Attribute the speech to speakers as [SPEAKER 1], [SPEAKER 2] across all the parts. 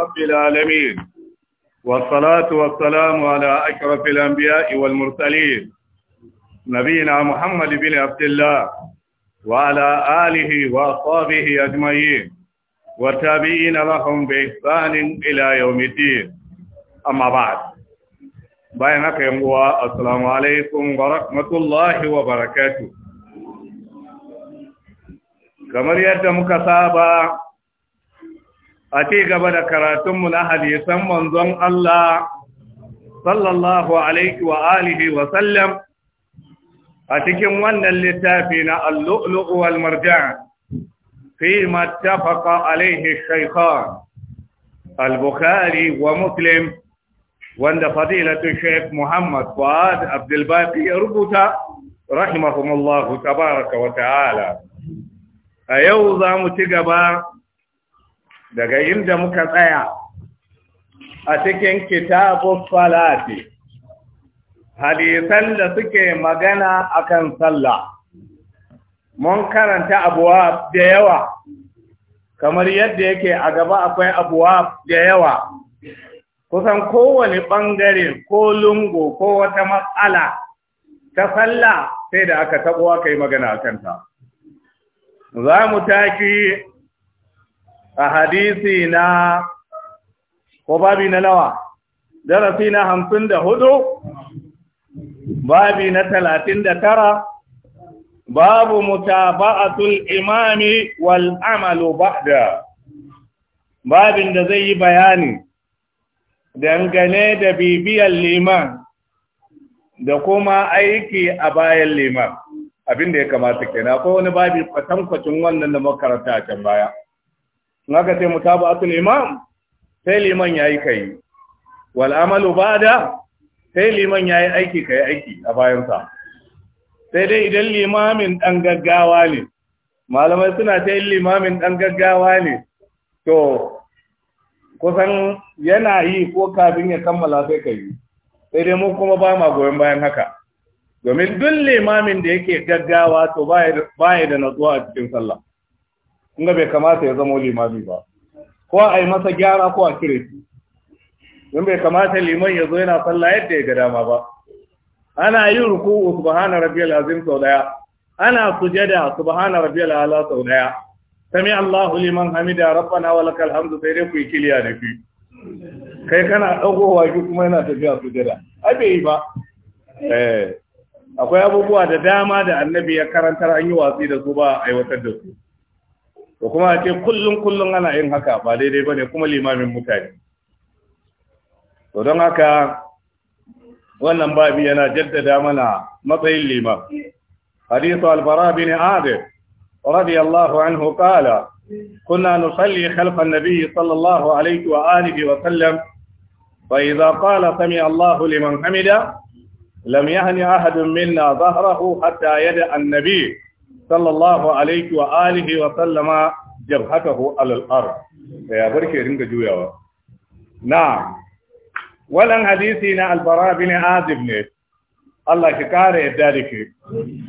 [SPEAKER 1] رب العالمين والصلاة والسلام على أشرف الأنبياء والمرسلين نبينا محمد بن عبد الله وعلى آله وأصحابه أجمعين وتابعين لهم بإحسان إلى يوم الدين أما بعد بينك هو السلام عليكم ورحمة الله وبركاته كما yadda muka a ci gaba da karatunmu na hadisan manzon Allah sallallahu alaihi wa alihi wa sallam a cikin wannan littafi na al-lu'lu'u wal marjan fi ma tafaqa alaihi shaykhan al-bukhari wa muslim wanda fadilatu shaykh Muhammad Fuad Abdul Baqi ya rubuta rahimahumullahu tabaraka wa ta'ala a yau za mu ci gaba daga inda muka tsaya a cikin kitabun falati hadisan da suke magana akan sallah mun karanta abuwa da yawa kamar yadda yake a gaba akwai abuwa da yawa kusan kowane ɓangare ko lungo ko wata matsala ta sallah sai da aka tabuwa aka yi magana a kanta za mu taki a hadisi na ko babi na nawa darasi na hamsin da hudu babi na talatin da tara babu mutaba'atul imami wal amalu ba'da babin da zai yi bayani dangane da bibiyar liman da kuma aiki a bayan liman abin da ya kamata kenan ko wani babi kwatankwacin wannan da makaranta a can baya in aka ce mutaba'atul imam sai liman yayi kai wal amalu ba'da sai liman yayi aiki kai aiki a bayansa. sai dai idan limamin dan gaggawa ne malamai suna ta yin limamin dan gaggawa ne to kusan yana yi ko kafin ya kammala sai ka yi sai dai mu kuma ba ma goyon bayan haka domin duk limamin da yake gaggawa to baya da natsuwa a cikin sallah inda bai kamata ya zama limami ba ko a yi masa gyara ko a cire shi in bai kamata liman ya zo yana salla yadda ya ga dama ba ana yin ruku'u subhana rabbiyal azim sau daya ana sujada subhana rabbiyal ala sau daya sami Allahu liman hamida rabbana wa lakal hamdu sai dai ku yi kiliya da fi kai kana dagowa ki kuma yana tafiya sujada a bai yi ba eh akwai abubuwa da dama da annabi ya karantar an yi watsi da su ba aiwatar da su to kuma ke kullum kullum ana yin haka ba daidai ba ne kuma limamin mutane to don haka wannan babi yana jaddada mana matsayin limam hadith al-bara bin adil radiyallahu anhu qala kunna nusalli khalfa an-nabi sallallahu alayhi wa wa sallam fa idha qala sami Allahu liman hamida lam yahni ahadun minna dhahrahu hatta yada annabi. sallallahu alaihi wa wa sallama jabhatahu alal ard ya barke ringa juyawa na walan hadisi na albara bin azib ne Allah ki kare yadda da ke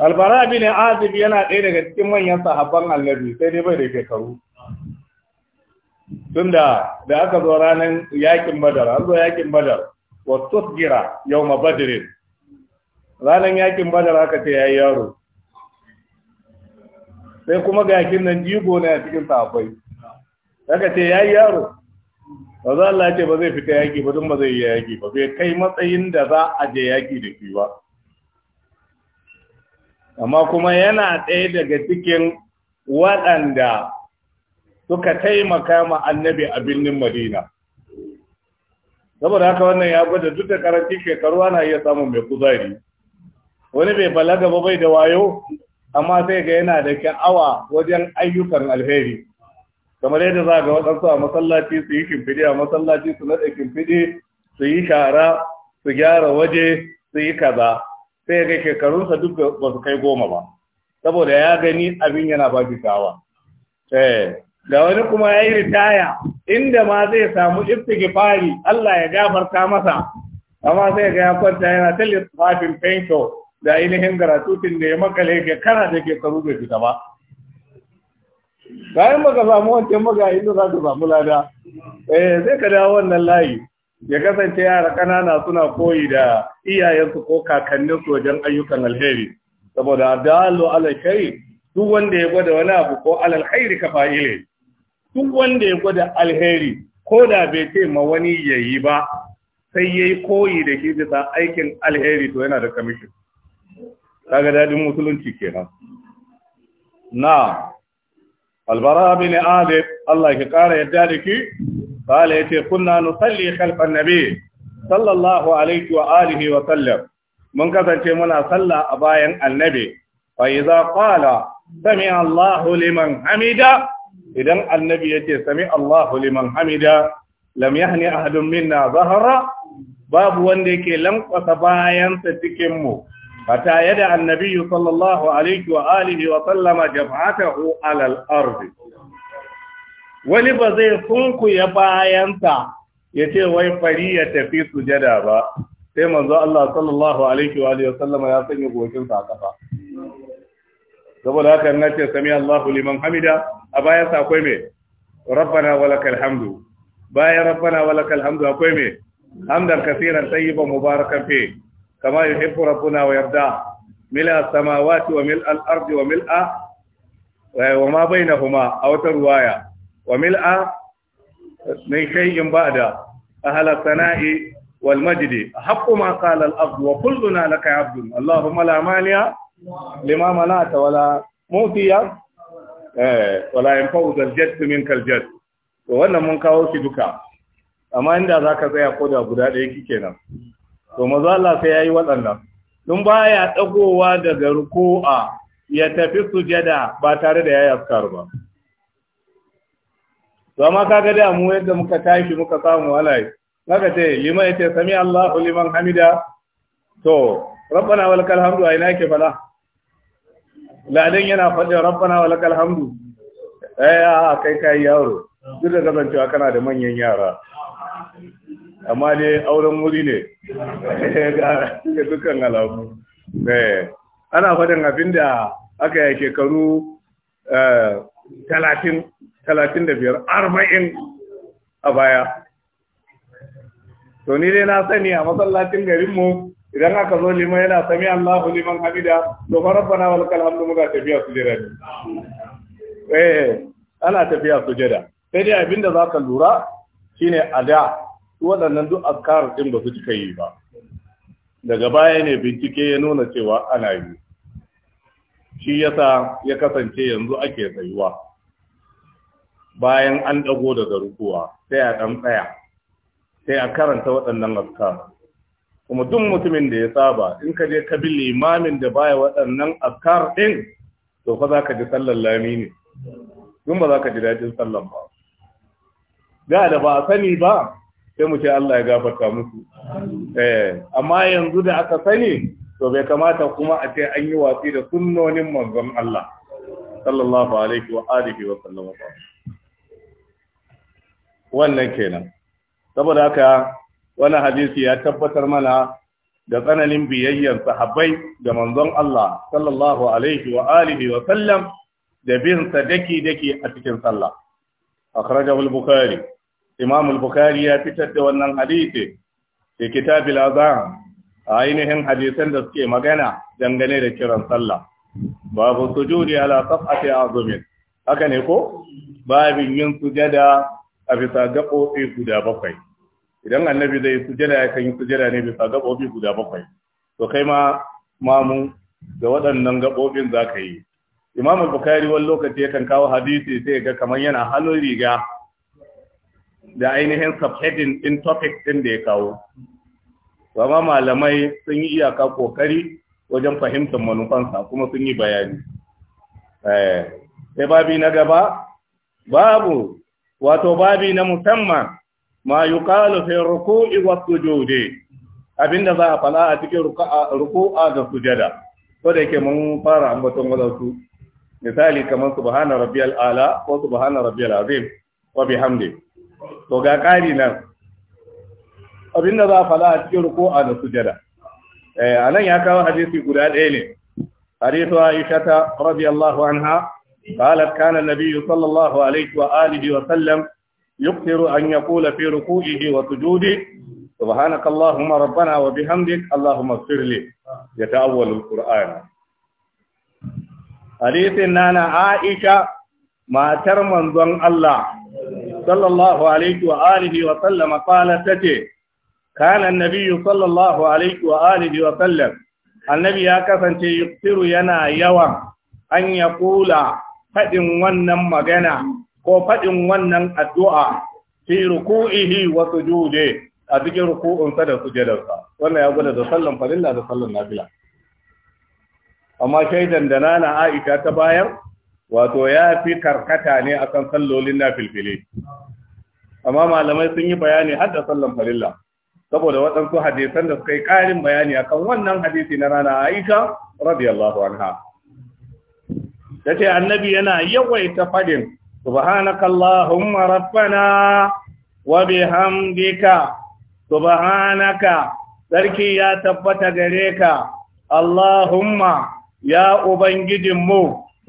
[SPEAKER 1] albara bin azib yana ɗaya daga cikin manyan sahabban annabi sai dai bai da shekaru tunda da aka zo ranar yakin badar an zo yakin badar wa tusgira yawma badrin ranar yakin badar aka ce yayi yaro sai kuma gakin nan jigo na a cikin safai daga ce ya yi yaro ba za Allah ce ba zai fita yaki ba don ba zai yi yaƙi ba sai kai matsayin da za a je yaƙi da shi ba amma kuma yana ɗaya daga cikin waɗanda suka taimaka ma annabi a birnin madina saboda haka wannan ya gwada duk da karanci shekaru ana iya samun mai kuzari wani bai balaga ba bai da wayo amma sai ga yana da awa wajen ayyukan alheri kamar yadda za ga waɗansu a masallaci su yi kimfidi a masallaci su naɗa kimfidi su yi shara su gyara waje su yi kaza sai ga shekarunsa duk ba su kai goma ba saboda ya gani abin yana ba shi Eh ga wani kuma ya yi ritaya inda ma zai samu fari, Allah ya gafarta masa amma sai ga ya kwanta yana ta lissafin fensho da ainihin tun da ya makale ke kana da ke karu bai fita ba bayan ka samu wancan maga inda za ka samu lada eh sai ka dawo wannan layi ya kasance yara ƙanana suna koyi da iyayensu ko kakanninsu wajen ayyukan alheri saboda dalu alal duk wanda ya gwada wani abu ko alal ka fa'ile duk wanda ya gwada alheri ko da bai ce ma wani yayi ba sai yayi koyi da shi bisa aikin alheri to yana da kamishin kaga dadin musulunci kenan na albara bin adib Allah ya kara yadda da ki qala yace kunna nusalli khalfa nabi sallallahu alaihi wa alihi wa sallam mun kasance muna salla a bayan annabi fa idza qala sami Allahu liman hamida idan annabi yace sami Allahu liman hamida lam yahni ahadun minna zahara babu wanda yake lankwasa bayansa cikin mu حتى يدع النبي صلى الله عليه وآله وسلم جبعته على الأرض ولبا زي سنكو يبا ينسى يتي ويفرية في سجدة با sai manzo Allah sallallahu alaihi wa alihi wasallama ya sanya gokin sa saboda haka na ce sami Allahu liman hamida a bayan sa akwai mai, rabbana walakal hamdu bayan rabbana walakal hamdu akwai mai, hamdan kaseeran tayyiban mubarakan fi kama yuhibbu rabbuna wa yarda mila samawati wa mil al-ardi wa mil'a wa ma bainahuma aw tarwaya wa mil'a min shay'in ba'da ahla sana'i wal majdi haqqu ma qala al wa kulluna laka 'abdun allahumma la mani'a lima mana'ta wa la wannan mun kawo duka amma inda zaka tsaya koda guda ɗaya kikenan to mazo Allah sai yayi waɗannan dun baya dagowa daga ruku'a ya tafi sujada ba tare da yayi askar ba to amma kaga da mu yadda muka tashi muka samu alai kaga ce liman yace sami Allahu liman hamida to rabbana walakal hamdu ai ke fada ladan yana faɗin rabbana walakal hamdu eh a kai kai yaro duk da kasancewa kana da manyan yara amma ne auren wuri ne ga dukkan alamu eh, ana faɗin abin da aka yi shekaru eh, talatin da biyar arba'in a baya to ni dai na sani a masallacin garinmu idan aka zo liman yana sami Allahu liman hamida to farabbana wal kalamu muka tafiya sujada ne eh ana tafiya jira sai dai abinda zaka lura shine ada waɗannan duk azkar din ba su cika yi ba daga baya ne bincike ya nuna cewa ana yi shi yasa ya kasance yanzu ake tsayuwa bayan an dago daga rukuwa sai a ɗan tsaya sai a karanta waɗannan azkar kuma duk mutumin da ya saba in ka je ka bi limamin da baya waɗannan azkar din to fa za ka ji sallar lami ne dun ba za ka ji daɗin sallar ba da da ba a sani ba sai mu ce Allah ya gafarta musu eh, amma yanzu da aka sani to bai kamata kuma a ce an yi watsi da sunnonin manzon Allah sallallahu alaihi wa alihi wa sallam wannan kenan saboda haka wani hadisi ya tabbatar mana da tsananin biyayyar sahabbai da manzon Allah sallallahu alaihi wa alihi wa sallam da bin sadaki daki a cikin sallah akhrajahu al-bukhari imam al-bukhari ya fitar da wannan hadisi da kitabil azam a ainihin hadisan da suke magana dangane da kiran sallah babu sujudi ala safati azumin haka ne ko babu yin sujada a bisa gaɓoɓi guda bakwai idan annabi zai sujada ya kan yi sujada ne bisa gaɓoɓi guda bakwai to kai ma mamu da waɗannan gabobin za ka yi imam bukhari wani lokaci yakan kawo hadisi sai ga kamar yana hannun riga da ainihin subheading din topic din da ya kawo amma malamai sun yi iyaka kokari wajen fahimtar manufansa kuma sun yi bayani eh, sai babi na gaba babu wato babi na musamman ma yuqalu fi ruku'i wa sujudi abinda za a fala a cikin ruku'a da sujada ko da yake mun fara ambaton wadatu misali kamar subhana rabbiyal ala ko subhana rabbiyal azim wa bihamdi to ga ƙari nan abinda za a a cikin ruku a na sujada eh, a nan ya kawo hadisi guda ɗaya ne hadisu a isha ta rabi allahu an ha ƙalat kana nabi sallallahu alaihi wa alihi wa sallam yuktiru an ya kula fi ruku'ihi wa sujudi subhanaka allahumma rabbana wa bihamdik allahumma sirli ya ta'awwalul qur'an hadisin nana aisha matar manzon allah صلى الله عليه وآله وسلم قال تتي كان النبي صلى الله عليه وآله وسلم النبي يكفن يكثر ينا يوم أن يقول فإن ونن مغنى وفإن ونن الدعاء في ركوعه وسجوده أتجي ركوع سد سجده وانا يقول ده صلى فلله ده صلى نافلة أما شيئا دنانا عائشة تباير wato ya fi karkata ne akan sallolin na filfile. amma malamai sun yi bayani har da sallan farilla saboda waɗansu hadisan da suka yi ƙarin bayani akan wannan hadisi na rana Aisha radiyallahu anha annabi yana yawaita fadin subhanakallahumma rabbana wa bihamdika subhanaka sarki ya tabbata gare ka allahumma ya ubangijinmu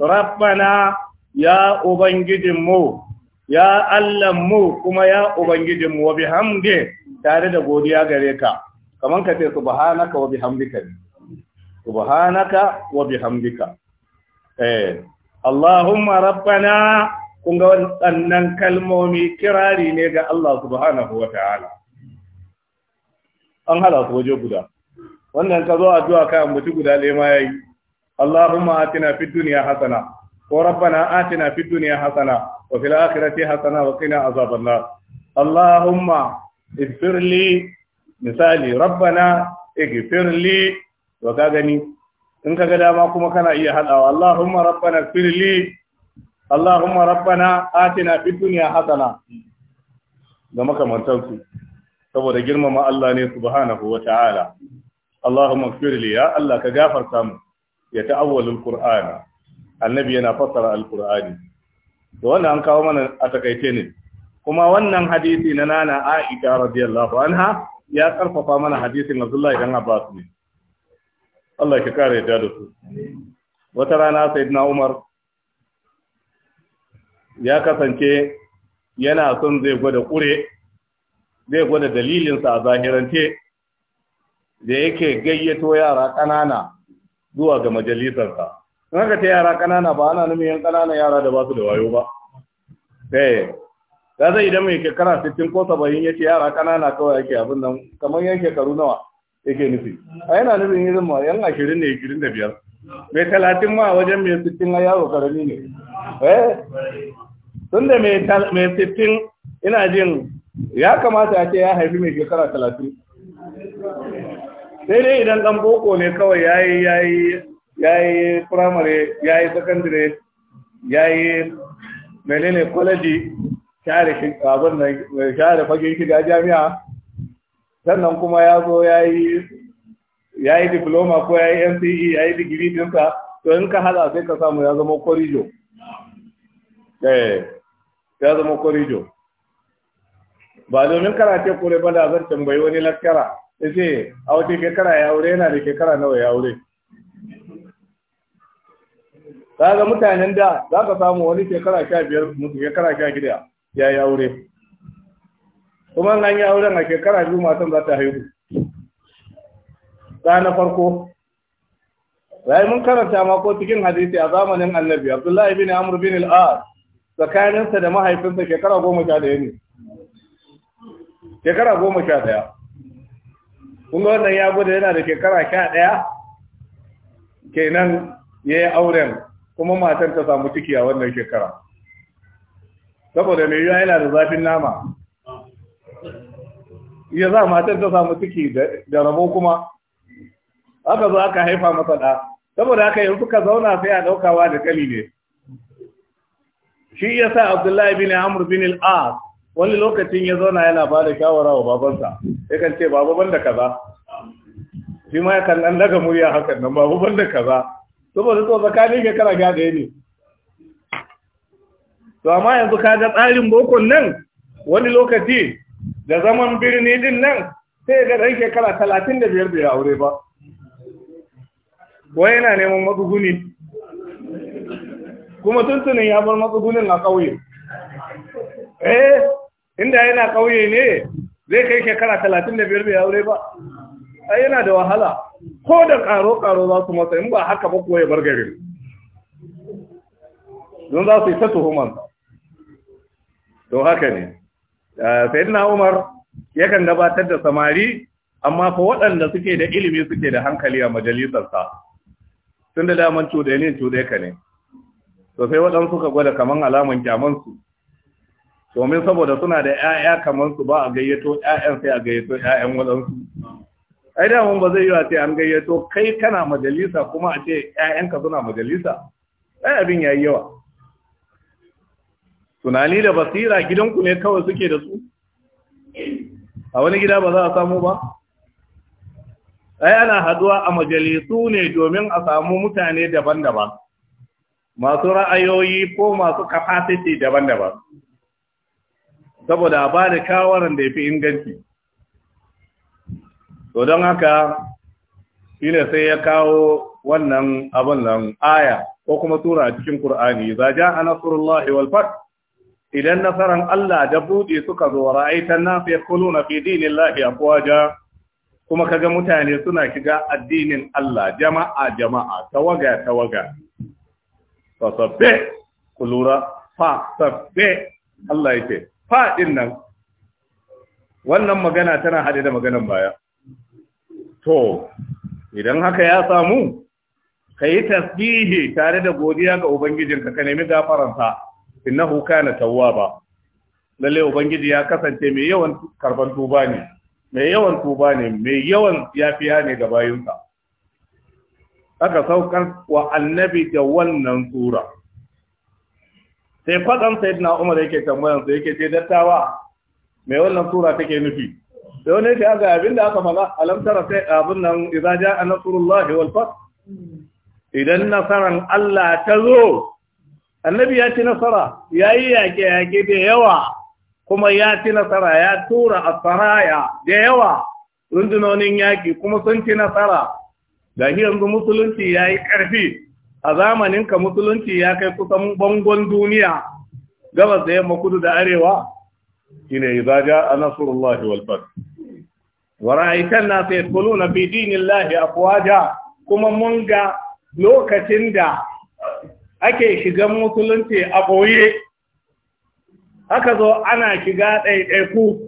[SPEAKER 1] rabbana ya ubangijinmu ya allahnmu kuma ya ubangijinmu wa bihamdi tare da godiya gare ka kaman ka ce subhanaka wa bihamdika subhanaka wa bihamdika eh allahumma rabbana kun ga wannan kalmomi kirari ne ga Allah subhanahu wa ta'ala an hada su waje guda wannan ka zo zuwa kan mutu guda ɗaya ma yayi Allahumma atina fid dunya hasana wa rabbana atina fid dunya hasana wa fil akhirati hasana wa qina azaban nar Allahumma ighfir li misali rabbana ighfir li wa ka gani in kaga dama kuma kana iya haɗawa? Allahumma rabbana ighfir li Allahumma rabbana atina da saboda girmama Allah ne subhanahu wa ta'ala Allahumma ighfir li ya Allah ka gafarta mu ya ta'awwalul qur'an annabi yana fassara alqur'ani to wannan an kawo mana a takaice ne kuma wannan hadisi na nana Aisha radiyallahu anha ya karfafa mana hadisin Abdullahi dan Abbas ne Allah ya kare da su wata rana sayyidina Umar ya kasance yana son zai gwada kure zai gwada dalilinsa a zahirance da yake gayyato yara ƙanana zuwa ga majalisarsa in haka ta yara ƙanana ba ana nufin yan ƙanana yara da ba su da wayo ba eh da zai idan mai shekara 60 ko 70 yace yara ƙanana kawai ake abin nan kamar yan shekaru nawa yake nufi a yana nufin yin ma yan 20 ne 25 mai 30 ma wajen mai 60 a yaro karami ne eh tun da mai 60 ina jin ya kamata a ce ya haifi mai shekara 30 sai dai idan dan boko ne kawai yayi yayi yayi primary yayi secondary yayi menene college share shi abin nan share fagen shiga jami'a sannan kuma ya zo yayi yayi diploma ko yayi MCE yayi digiri dinsa to in ka hada sai ka samu ya zama korijo eh ya zama korijo ba domin karate kore ba da zan tambayi wani laskara ya ce a wata shekara ya aure yana da shekara nawa ya aure ga mutanen da za ka samu wani shekara sha biyar mutu shekara sha gida ya yi aure kuma nan ya auren a shekara biyu matan za ta haihu ta na farko rai mun karanta ma ko cikin hadisi a zamanin annabi abdullahi bin amur bin al tsakaninsa da mahaifinsa shekara goma sha daya ne shekara goma sha daya kuma wannan ya gudu yana da shekara sha ɗaya kenan ya yi auren kuma matan ta samu ciki a wannan shekara saboda mai yiwuwa yana da zafin nama ya za matan ta samu ciki da rabo kuma aka zo aka haifa masa ɗa saboda haka yanzu ka zauna sai a ɗaukawa da kali ne shi ya sa abdullahi bin amur bin al'ad wani lokacin ya zauna yana ba da shawara wa babansa yakan ce babu banda kaza shi ma yakan dan daga murya hakan nan babu banda kaza saboda to tsakanin ke kara ga da ne to amma yanzu ka ga tsarin bokon nan wani lokaci da zaman birni din nan sai ga ke shekara talatin da biyar bai aure ba wai yana neman matsuguni kuma tuntunin ya bar matsugunin a ƙauye eh inda yana ƙauye ne zai kai shekara talatin da biyar mai aure ba a yana da wahala ko da karo-karo za su matsayin ba haka ba kuwa ya bar garin don za su yi ta to haka ne eh, sayin na umar yakan gabatar da samari amma fa waɗanda suke da ilimi suke da hankali a majalisarsa tun da daman cuɗe ne cuɗe ka ne sosai waɗansu ka gwada kamar alamun kyamansu domin saboda suna da 'ya'ya kamar su ba a gayyato 'ya'yan sai a gayyato 'ya'yan wadansu ai da mun ba zai yi ce an gayyato kai kana majalisa kuma a ce 'ya'yanka suna majalisa ai abin yayi yawa tunani da basira gidanku ne kawai suke da su a wani gida ba za a samu ba ai ana haduwa a majalisu ne domin a samu mutane daban-daban masu ra'ayoyi ko masu capacity daban-daban saboda a bada kawaran da ya fi inganci to don haka shi ne sai ya kawo wannan abin nan aya ko kuma tura cikin Kur'ani za ja a nasarullahi wal idan nasarar Allah da buɗe suka zo ra'aitan kulu na fi ko afwaja kuma kaga mutane suna kiga addinin Allah jama'a jama'a tawaga tawaga fasabbe kulura fasabbe Allah yake Faɗin nan wannan magana tana hade da maganan baya to idan haka ya samu kai tasbihi tare da godiya ga ubangijinka ka nemi gafaransa innahu kana ba. lalle ubangiji ya kasance mai yawan karban tuba ne mai yawan tuba ne mai yawan yafiya ne ga bayunsa. aka saukar wa annabi da wannan sura sai sai sayyidina Umar yake tambayan su yake ce dattawa me wannan tura take nufi sai wani ya ga abin da aka faɗa alam sai abin nan idza a nasrullahi wal Fat? idan nasaran Allah ta zo annabi ya ci nasara yayi yaƙe yake da yawa kuma ya ci nasara ya tura asaraya da yawa rundunonin yaƙi kuma sun ci nasara da yanzu musulunci yayi ƙarfi? a zamaninka musulunci ya kai kusan bangon duniya gabas da yamma kudu da arewa Shi zaja a jaa nasrullahi wal fath wa ra'aita an-nasa yadkhuluna fi a afwaja kuma mun ga lokacin da ake shigan musulunci a ɓoye aka zo ana shiga ɗaiɗaiku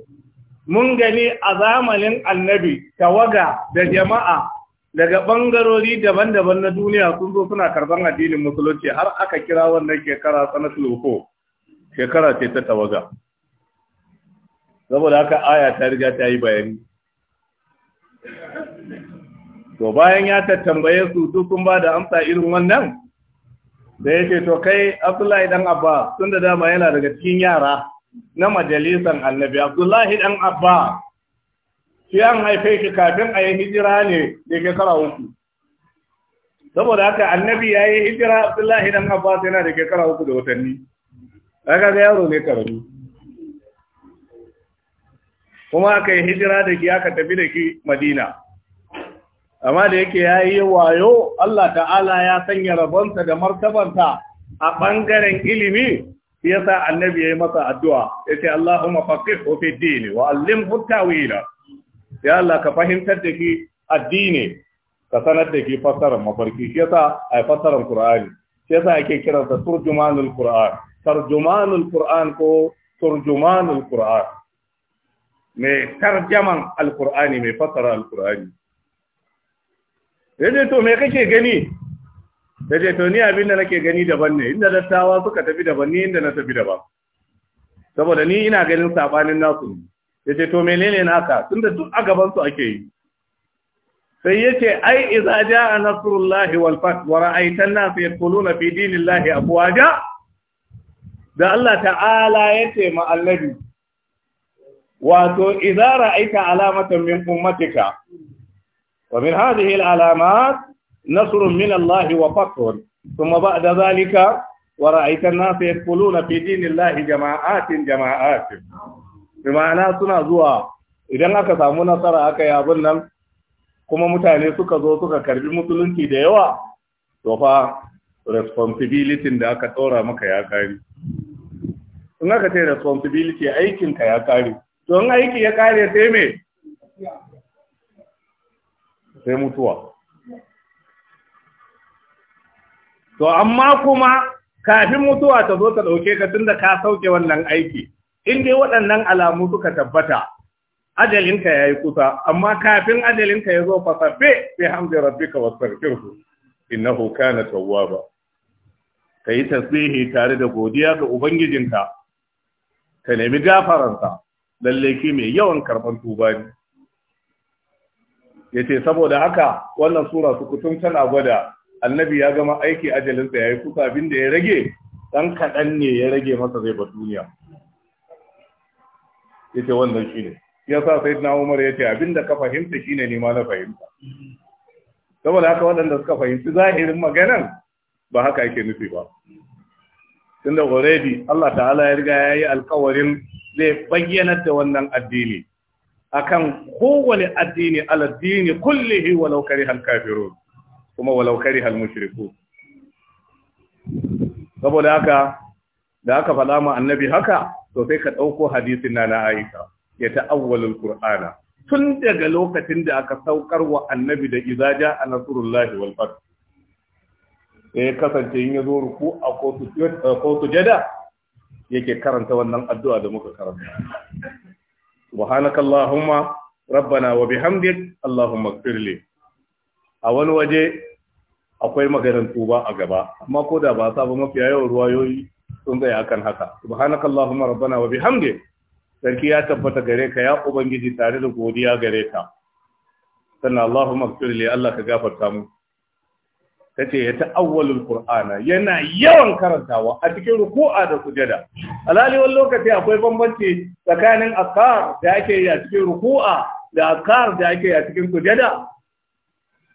[SPEAKER 1] mun gani a zamanin annabi tawaga da jama'a daga bangarori daban-daban na duniya sun zo suna karban addinin musulunci har aka kira wannan shekara sanatul ko shekara ce ta tawaga saboda haka aya ta riga ta yi bayani to bayan ya tattambaye su su kun ba da amsa irin wannan da ya ce to kai abdullahi dan abba tun da dama yana daga cikin yara na majalisan annabi abdullahi dan abba shi an haife shi kafin a yi hijira ne da shekara uku saboda haka annabi ya yi hijira abdullahi dan abbas yana da shekara uku da watanni haka ga yaro ne karami kuma aka yi hijira da shi aka tafi da shi madina amma da yake ya yi wayo Allah ta'ala ya sanya rabonsa da martabanta a ɓangaren ilimi ya sa annabi ya yi masa addu'a ya ce Allahumma faƙihu fi dini wa allimhu ya Allah ka fahimtar da shi addini ka sanar da shi fassarar mafarki shi yasa a fassarar Qur'ani shi yasa ake kiransa turjumanul Qur'an turjumanul Qur'an ko turjumanul Qur'an me tarjaman alkur'ani mai fassara alkur'ani yaje to me kake gani yaje to ni abin da nake gani daban ne inda dattawa suka tafi daban ne inda na tafi daban saboda ni ina ganin sabanin nasu ya ce to menene naka tunda duk a gabansu ake yi sai ya ce ai iza ja'a nasrullahi wal fath wa ra'aita an-nasa yadkhuluna fi dinillahi afwaja da Allah ta'ala ya ce ma annabi wato iza ra'aita alamatan min ummatika wa min hadhihi al-alamat nasrun min Allah wa fathun thumma ba'da dhalika ورأيت الناس يدخلون في دين الله جماعات جماعات bi ma'ana suna zuwa idan aka samu nasara aka yi abin nan kuma mutane suka zo suka karbi musulunci da yawa to fa responsibility da aka tsora maka ya kare in aka ce responsibility aikinka ya kare to in aiki ya kare sai me sai mutuwa to amma kuma kafin mutuwa ta zo ta dauke ka tunda ka sauke wannan aiki in dai waɗannan alamu suka tabbata ajalinka ya yi kusa amma kafin ajalinka ya zo fasafe sai hamdi rabbika na innahu ba? Ka yi tasbihi tare da godiya ga ubangijinka ka nemi gafaransa Lallai ki mai yawan karɓar tuba ne Ya ce saboda haka wannan sura kutun tana gwada annabi ya gama aiki ajalinsa ya yi kusa abin da ya rage ɗan kaɗan ne ya rage masa zai ba duniya yace wannan shine yasa na Umar yace abinda ka fahimta shine ni ma na fahimta saboda haka waɗanda suka fahimci zahirin maganan ba haka yake nufi ba tunda already Allah ta'ala ya riga ya yi alkawarin zai bayyanar da wannan addini akan kowane addini aladdini kullihi walau karihal kafirun kuma walau karihal mushriku saboda haka da aka faɗa ma annabi haka to sai ka ɗauko hadisin na na aika ya ta'awwalul qur'ana tun daga lokacin da aka saukar wa annabi da Izaja a nasrullahi wal fath sai kasance in yazo ruku a ko jada yake karanta wannan addu'a da muka karanta allahumma rabbana wa bihamdik allahumma ighfirli a wani waje akwai maganar tuba a gaba amma ko da ba sa ba mafiya yawan ruwayoyi sun tsaya akan haka subhanakallahumma rabbana wa bihamdi sarki ya tabbata gare ka ya ubangiji tare da godiya gare ta sannan Allahumma ighfir li Allah ka gafarta mu tace ya ta'awwalul qur'ana yana yawan karantawa a cikin ruku'a da sujada alali wani lokaci akwai bambanci tsakanin akar da ake yi a cikin ruku'a da akar da ake yi a cikin sujada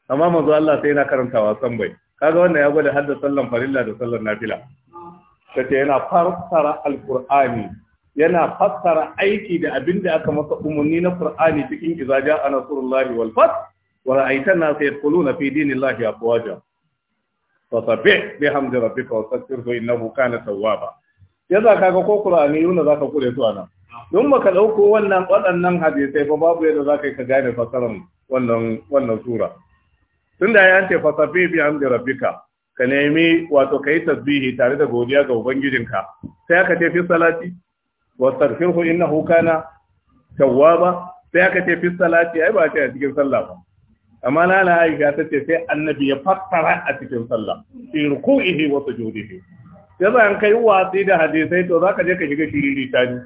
[SPEAKER 1] amma manzo Allah sai yana karantawa san bai kaga wannan ya gwada hadda sallan farilla da sallan nafila tace yana fassara alqur'ani yana fassara aiki da abin da aka masa umarni na qur'ani cikin idza ja'a nasrullahi wal fath wa ra'aita an-nasa yadkhuluna fi dinillahi afwaja fasabbih bihamdi rabbika wastaghfirhu innahu kana tawwaba yaza kaga ko qur'ani yuna ka kure su anan don baka ɗauko wannan waɗannan hadisai fa babu yadda za ka gane fasaran wannan sura tunda ya ce fasabbih bihamdi rabbika ka nemi wato ka yi tasbihi tare da godiya ga ubangijinka sai aka ce fi salati wastaghfirhu innahu kana tawwaba sai aka ce fi salati ai ba ce a cikin sallah ba amma lana aisha ta ce sai annabi ya fassara a cikin sallah fi ruku'ihi wa sujudihi yasa an kai watsi da hadisai to zaka je ka shiga shiriri ta ne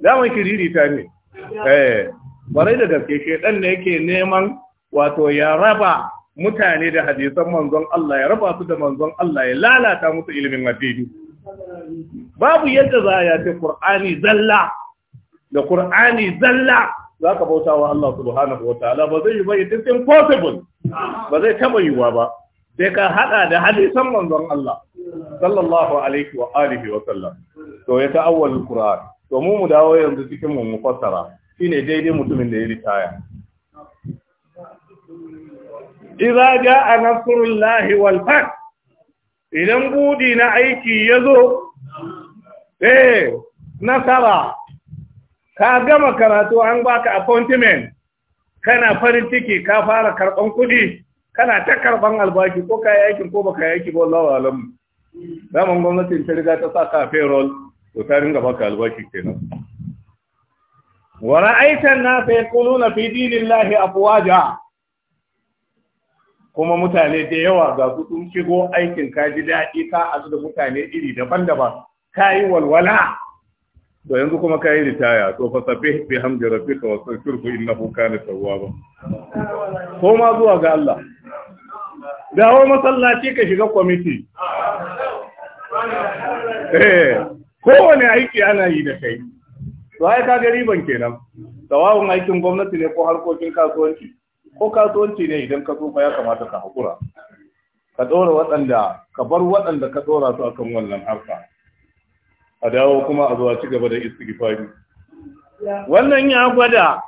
[SPEAKER 1] daman shiriri ta ne eh bare da gaske shedan ne yake neman wato ya raba mutane da hadisan manzon Allah ya raba su da manzon Allah ya lalata musu ilimin addini babu yadda za ya ce Qur'ani zalla da Qur'ani zalla zaka bauta wa Allah subhanahu wataala ba zai ba it is impossible ba zai taba yiwa ba sai ka hada da hadisan manzon Allah sallallahu alaihi wa alihi wa sallam to ya ta'awwal Qur'an to mu mu dawo yanzu cikin mu mufassara shine daidai mutumin da ya ritaya idza jaa nasrullahi wal fath idan budi na aiki yazo eh nasara ka gama karatu an baka appointment kana farin ciki ka fara karban kudi kana ta karban albaki ko ka aikin ko baka aiki ba wallahi alamu daman gwamnatin ta riga ta saka payroll to ta ringa baka albaki kenan wa ra'aita an-nasa yaquluna fi dinillahi afwaja kuma mutane da yawa ga su shigo aikin ka ji daɗi ka azu da mutane iri daban-daban ka yi walwala to yanzu kuma ka yi ritaya to fa sabbi bi hamdi rabbika wa astaghfirhu innahu kana tawwaba ko ma zuwa ga Allah dawo masallaci ka shiga kwamiti eh kowane aiki ana yi da kai to ai ka gari ban kenan tsawon aikin gwamnati ne ko harkokin kasuwanci ko kasuwanci ne idan ka tsufa ya kamata ka haƙura ka ɗora waɗanda ka bar waɗanda ka ɗora su akan wannan harka a dawo kuma a zuwa ci gaba da istighfari wannan ya gwada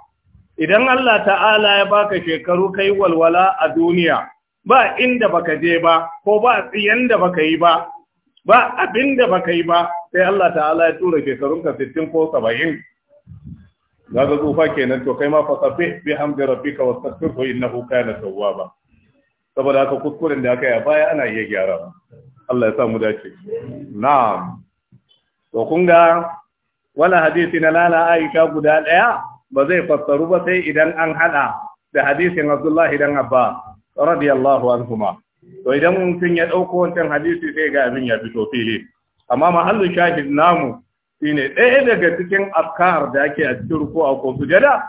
[SPEAKER 1] idan Allah ta'ala ya baka shekaru kai walwala a duniya ba inda baka je ba ko ba tsiyan da baka yi ba ba abin da baka yi ba sai Allah ta'ala ya tura shekarunka 60 ko 70 ga tsufa kenan to kai ma fa safi bi hamdi rabbika wastaghfirhu innahu kana tawwaba saboda haka kuskuren da aka yi a baya ana iya gyara Allah ya sa mu dace na'am to kun ga hadisi na lala aisha guda daya ba zai fassaru ba sai idan an hada da hadisin Abdullahi dan Abba radiyallahu anhuma to idan mutum ya dauko wancan hadisi sai ga abin ya fito fili amma mahallin shahid namu shine ɗaya daga cikin afkar da ake a cikin ruku'a ko sujada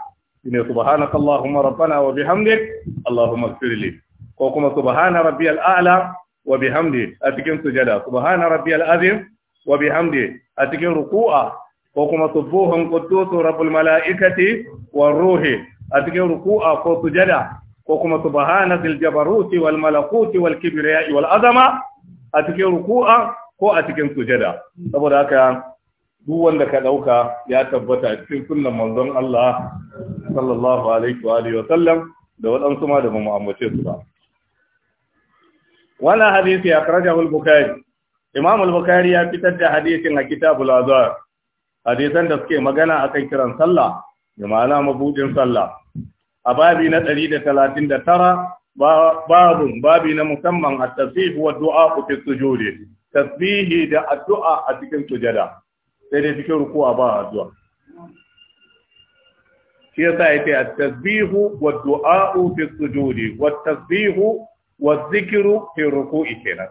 [SPEAKER 1] shine subhanaka allahumma rabbana wa bihamdik allahumma ighfir ko kuma subhana rabbiyal a'la wa bihamdi a cikin sujada subhana rabbiyal azim wa bihamdi a cikin ruku'a ko kuma subuhun quddus rabbul malaikati war ruhi a cikin ruku'a ko sujada ko kuma subhana zil jabaruti wal malakuti wal kibriya wal azama a cikin ruku'a ko a cikin sujada saboda haka duk wanda ka ɗauka ya tabbata cikin sunan manzon Allah sallallahu alaihi wa alihi wa sallam da waɗansu ma da bamu ambace su ba wannan hadisi akhrajahu al-bukhari imam al-bukhari ya fitar da hadisin a kitabul azhar hadisan da suke magana akan kiran sallah da ma'ana mabudin sallah a babi na 139 babun babi na musamman a tasbihu wa du'a fi sujudi tasbihi da addu'a a cikin sujada sai dai cikin rukuwa ba addu'a shi yasa yace at-tasbihu wa du'a'u fi sujudi wa tasbihu wa dhikru fi ruku'i kenan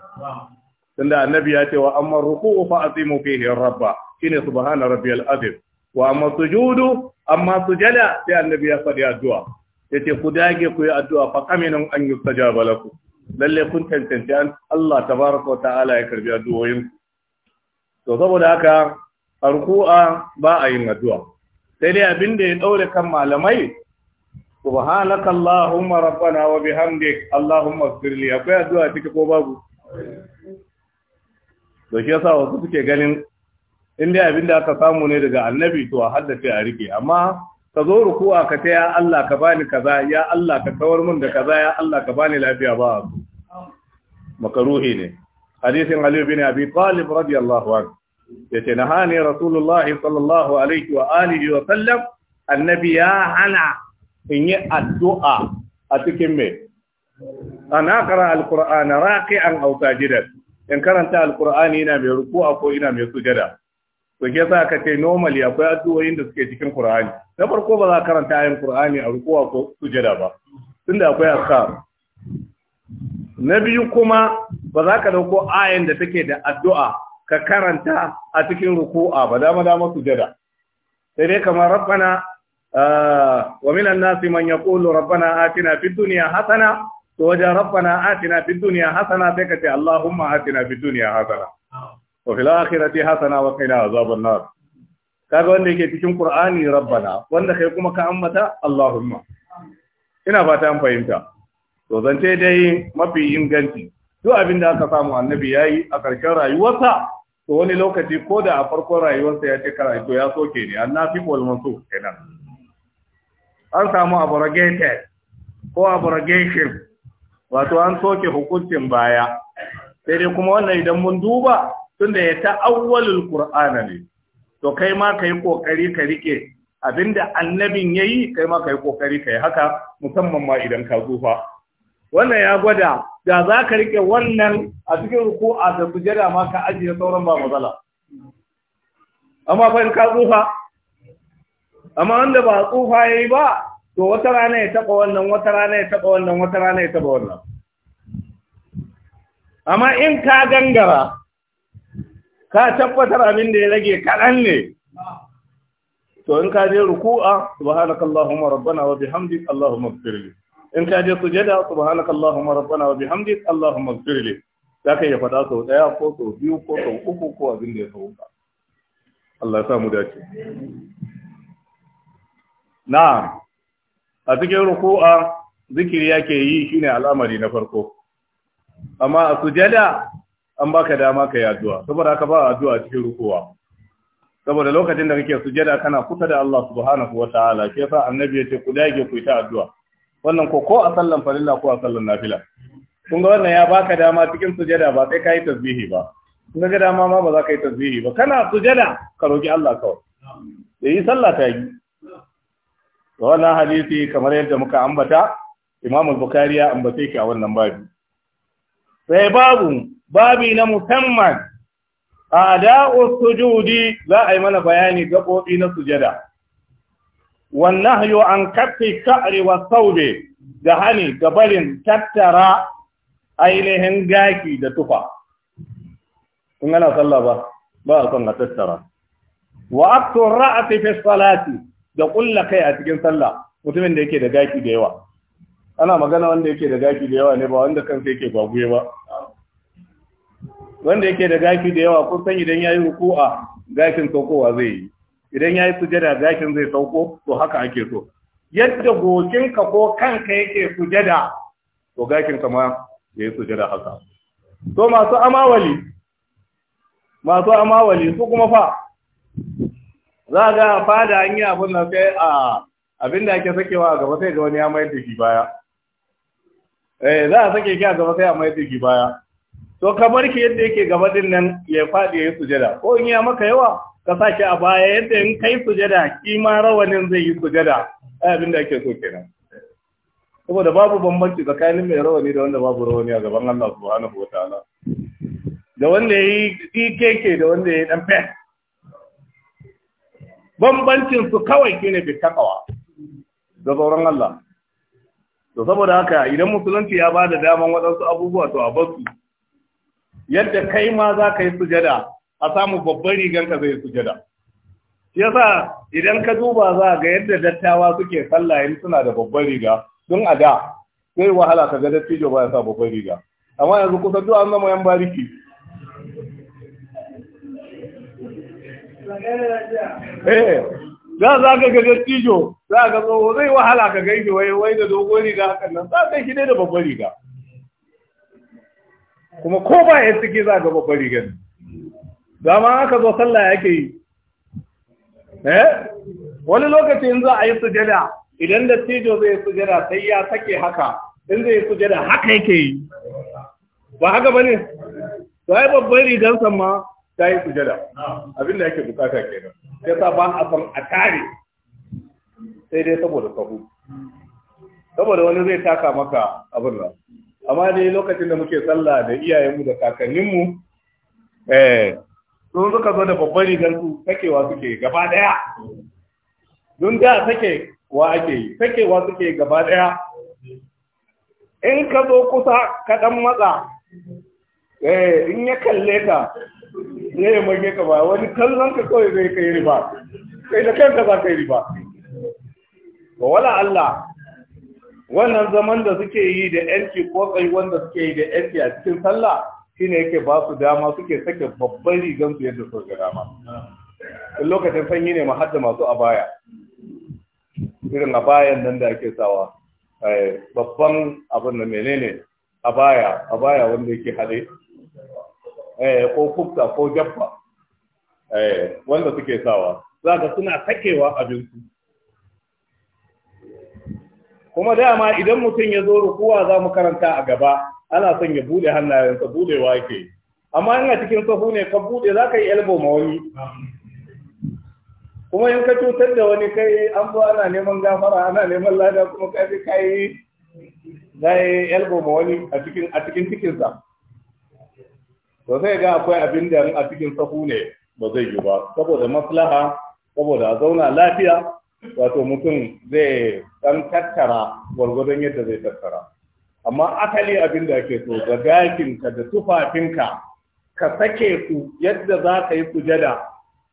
[SPEAKER 1] tunda annabi ya ce wa amma ruku'u fa azimu fihi rabba shine subhana rabbiyal azim wa amma sujudu amma sujada sai annabi ya faɗi addu'a yace ku dage ku yi addu'a fa kaminun an yustajaba lakum lalle kun tantance Allah tabaraka wa ta'ala ya karbi addu'oyin to saboda haka a ruku'a ba a yin addu'a sai dai abin da ya daure kan malamai subhanaka allahumma rabbana wa bihamdik allahumma ighfir li akwai addu'a take ko babu to shi yasa wasu suke ganin in dai abin da aka samu ne daga annabi to a haddace a rike amma ka zo ruku'a ka ta ya Allah ka bani kaza ya Allah ka kawar mun da kaza ya Allah ka bani lafiya ba makaruhi ne hadisin Ali bin Abi Talib radiyallahu anhu ya ce nahani rasulullahi sallallahu alaihi wa alihi wa sallam annabi ya hana in yi addu'a a cikin mai ana kara alkur'ana raqi'an aw sajidan in karanta alkur'ani ina mai ruku'a ko ina mai sujada to ke sa ka ce normally akwai addu'o'in da suke cikin qur'ani na farko ba za ka karanta ayin qur'ani a ruku'a ko sujada ba tunda akwai azkar na biyu kuma ba za ka dauko ayin da take da addu'a ka karanta a cikin ruku'a ba dama dama sujada sai dai kamar rabbana ah, wa minan nasi man yaqulu rabbana atina fid dunya hasana to wajen rabbana atina fid dunya hasana sai ka ce allahumma atina fid dunya hasana wa fil akhirati hasana wa qina azaban nar kaga wanda yake cikin qur'ani rabbana wanda kai kuma ka ammata allahumma ina fata an fahimta to zance dai mafi inganci duk abin da aka samu annabi yayi a ƙarshen rayuwarsa to wani lokaci ko da a farkon rayuwarsa ya ce kara to ya soke ne an nafi wal kenan an samu abrogated ko abrogation wato an soke hukuncin baya sai dai kuma wannan idan mun duba tunda ya awwalul qur'ana ne to kai ma kai kokari ka rike abinda annabin yayi kai ma kai kokari kai haka musamman ma idan ka tsufa wannan ya gwada da za ka rike wannan a cikin ruku'a da sujada ma ka ajiye sauran ba matsala amma fa in ka tsufa amma wanda ba tsufa yayi ba to wata rana ya taba wannan wata rana ya taba wannan wata rana ya taba wannan amma in ka gangara ka tabbatar abin da ya rage kaɗan ne to in ka je ruku'a subhanakallahumma rabbana wa bihamdika allahumma ighfirli in ka je sujada subhanaka allahumma rabbana wa bihamdik allahumma ighfir li zaka iya faɗa sau ɗaya ko sau biyu ko sau uku ko abin da ya sauka Allah ya sa mu dace na a cikin ruku'a zikiri yake yi shine al'amari na farko amma a sujada an baka dama ka yi addu'a saboda haka ba addu'a cikin rukuwa saboda lokacin da kake sujada kana kusa da Allah subhanahu ta'ala shi yasa annabi ya ce ku dage ku yi ta addu'a wannan ko ko a sallan farilla ko a sallan nafila kun ga wannan ya baka dama cikin sujada ba sai kai tasbihi ba kun ga dama ma ba za ka yi tasbihi ba kana sujada ka roki Allah kawai da yi sallah ta yi wannan hadisi kamar yadda muka ambata Imam Bukhari ya ambace ki a wannan babu sai babu babi na musamman a da'u sujudi za a yi mana bayani gaɓoɓi na sujada an والنهي عن كف da hani دهني barin tattara ainihin gaki da tufa kun gana sallah ba ba a son a tattara wa aktun ra'ati fi salati da kulla kai a cikin sallah mutumin da yake da gaki da yawa ana magana wanda yake da gaki da yawa ne ba wanda kansa yake gwaguye ba wanda yake da gaki da yawa kun san idan yayi ruku'a gashin saukowa zai yi idan ya yi sujada zakin zai sauko to haka ake so yadda gokinka ko kanka yake sujada to gakinka ma ya yi sujada haka to masu amawali masu amawali su kuma fa za ga fada an yi abin nan sai a abin da ake sakewa a gaba sai ga wani ya mai da shi baya eh za a sake ki a gaba sai a mai da shi baya to kamar ki yadda yake gaba din nan ya faɗi ya yi sujada ko in ya maka yawa ka sa shi a baya yadda in kai sujada shi ma rawanin zai yi sujada ai abin da ake so kenan saboda babu bambanci tsakanin mai rawani da wanda babu rawani a gaban Allah subhanahu wataala da wanda yayi DKK da wanda yayi dan pen bambancin su kawai kine bi takawa da tsoron Allah to saboda haka idan musulunci ya bada daman waɗansu abubuwa to a basu yadda kai ma za ka yi sujada a samu babban rigan ka zai sujada shi yasa idan ka duba za ga yadda dattawa suke sallah in suna da babban riga don a da sai wahala ka ga dattijo ba ya sa babban riga amma yanzu kusan duk an zama yan bariki eh za za ka ga dattijo za ka tsoho zai wahala ka gaishe wai wai da dogon riga hakan nan za ka shi dai da babban riga kuma ko ba ya ciki za ga babban rigar ne dama aka zo sallah yake yi eh wani lokaci in za a yi sujada idan da tijo zai sujada sai ya sake haka in zai sujada haka yake yi ba haka bane sai ai babban rigar sa ma ta yi sujada abin da yake bukata kenan sai sa ba a san a tare sai dai saboda sahu saboda wani zai taka maka abin nan amma dai lokacin da muke sallah da iyayenmu da kakanninmu eh sun suka zo da babban rigar su sakewa suke gaba daya don da sake wa ake yi sakewa suke gaba daya in ka zo kusa ka dan matsa eh in ya kalle ka ne ya mage ka ba wani kallon ka kawai zai kai riba kai da kanka za kai riba ba wala Allah wannan zaman da suke yi da yanci ko kai wanda suke yi da yanci a cikin sallah shine yake ba su dama suke sake babban rigan su yadda suka dama in lokacin sanyi ne mahadda masu masu abaya irin abayan nan da ake sawa eh, babban abin da menene abaya baya wanda yake hade eh, ko kufta ko jaffa eh, wanda suke sawa za ka suna sakewa abinsu kuma dama idan mutum ya zo rukuwa za mu karanta a gaba ana son ya bude hannayensa wa yake amma in a cikin sahu ne ka bude za ka yi elbo ma wani kuma in ka cutar da wani kai an zo ana neman gafara ana neman lada kuma ka ji ka yi za yi elbo ma wani a cikin a cikin sa to sai ga akwai abin da a cikin sahu ne ba zai yi ba saboda maslaha saboda a zauna lafiya wato mutum zai dan tattara gwargwadon yadda zai tattara amma asali abin da ake so ga gashinka da tufafinka ka sake su yadda za ka yi sujada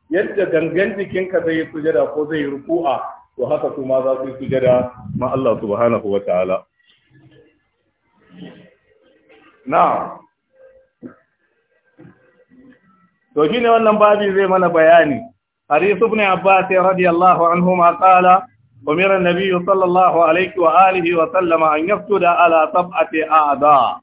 [SPEAKER 1] yadda gangan jikinka zai yi sujada ko zai yi ruku'a to haka kuma za su yi sujada ma Allah subhanahu wa ta'ala na to shine wannan babi zai mana bayani حديث ابن عباس رضي الله عنهما قال أمر النبي صلى الله عليه وآله وسلم أن يفتد على طبعة أعداء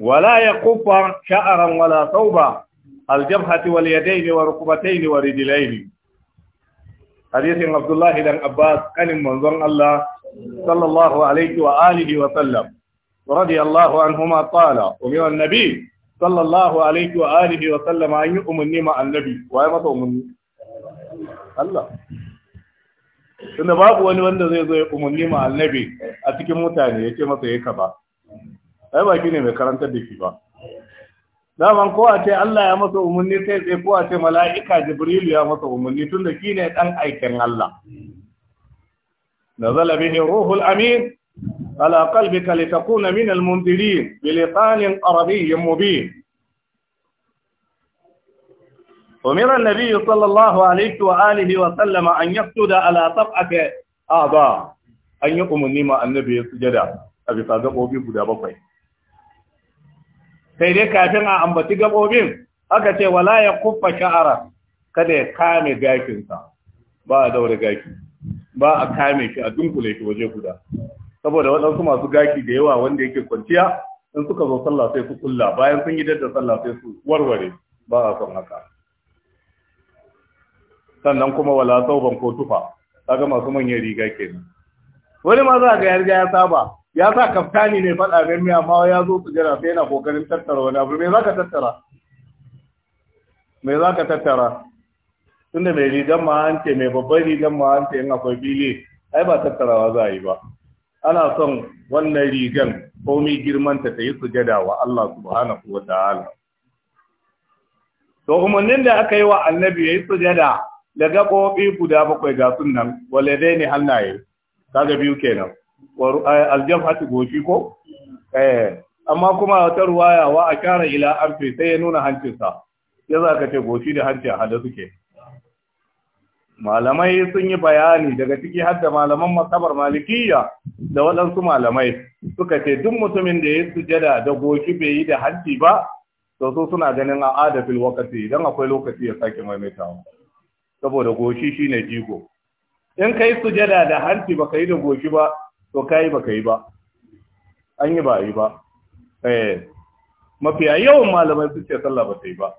[SPEAKER 1] ولا يقف شعرا ولا ثوبا الجبهة واليدين وركبتين ورجلين حديث عبد الله بن عباس عن منظر الله صلى الله عليه وآله وسلم رضي الله عنهما قال أمر النبي sallallahu alaihi wa alihi wa sallama an yi umarni ma annabi waye masa umarni Allah tunda babu wani wanda zai zo ya umarni ma annabi a cikin mutane ya ce masa ya kaza ai baki ne mai karantar da shi ba daman ko a ce Allah ya masa umarni kai tsaye ko a ce mala'ika jibrilu ya masa umarni tunda shi ne dan aikin Allah nazala bihi ruhul amin على قلبك لتكون من المنذرين بلسان عربي مبين أمر النبي صلى الله عليه وآله وسلم أن يسجد على سبعة أعضاء أن يقوم النماء النبي سجدا أبي صادق أبي قد بقي sai dai kafin a ambaci gabobin aka ce wala ya kuffa sha'ara kada ya kame gashinsa ba a daure gashi ba a kame shi a dunkule shi waje guda saboda waɗansu masu gaki da yawa wanda yake kwanciya in suka zo sallah sai su kulla bayan sun yi da sallah sai su warware ba a son haka sannan kuma wala sauban ko tufa kaga masu manyan riga kenan wani ma za ga yarga ya saba ya sa kaftani ne faɗa miya, amma ya zo su jira sai yana kokarin tattara wani abu me zaka tattara me zaka tattara tunda mai rigan ma an ce mai babban rigan ma an ce in akwai fili ai ba tattarawa za a yi ba ana son wannan rigan komi girmanta ta yi sujada wa Allah subhanahu wa ta'ala to umarnin da aka yi wa annabi ya yi sujada da gaɓoɓi guda bakwai ga sunan waladai ne hannaye kaga biyu kenan eh, aljafatu goshi ko eh amma kuma wata ruwaya wa a kyara ila amfi sai ya nuna hancinsa ya za ka da hancin hada suke malamai sun yi bayani daga ciki har da malaman makabar malikiya da waɗansu malamai suka ce duk mutumin da ya sujada da goshi bai yi da hajji ba to su suna ganin a adafin wakati idan akwai lokaci ya sake maimaitawa saboda goshi shine jigo in kai sujada da hanci ka yi da goshi ba to kai ka yi ba an yi ba yi ba eh mafiya yawan malamai su ce sallah ba ta yi ba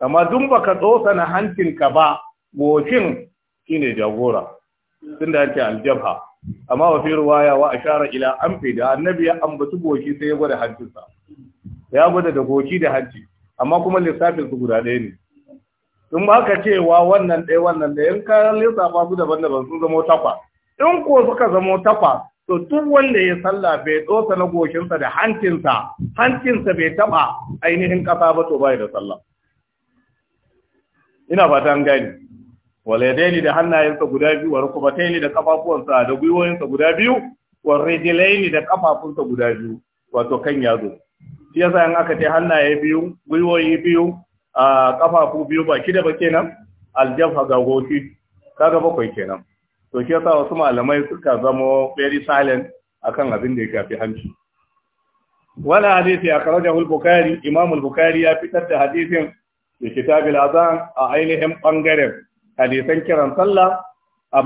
[SPEAKER 1] amma dun baka tsotsa na hancinka ba goshin shine jagora tunda yake aljabha amma wa fi riwaya wa ashara ila anfi da annabi ya ambaci goshi sai ya gwada hancinsa ya gwada da goki da hanci amma kuma lissafin su guda ɗaya ne in ba ka cewa wannan ɗaya wannan ɗaya in ka lissafa su daban-daban sun zamo takwa in ko suka zamo takwa to duk wanda ya salla bai tsotsa na goshinsa da hancinsa hancinsa bai taɓa ainihin ƙasa ba to bai da sallah ina fata an gani waladaini da hannayensa guda biyu wa rukubataini da kafafuwansa da gwiwoyinsa guda biyu wa rijilaini da kafafunsa guda biyu wato kan yazo shi yasa in aka ce hannaye biyu gwiwoyi biyu a kafafu biyu baki da ba kenan aljabha ga goshi kaga bakwai kenan to shi yasa wasu malamai suka zama very silent akan abin da ya shafi hanci wala hadisi akhrajahu al-bukhari imam al-bukhari ya fitar da hadisin da kitab al-azan a ainihin bangaren hadisan kiran sallah a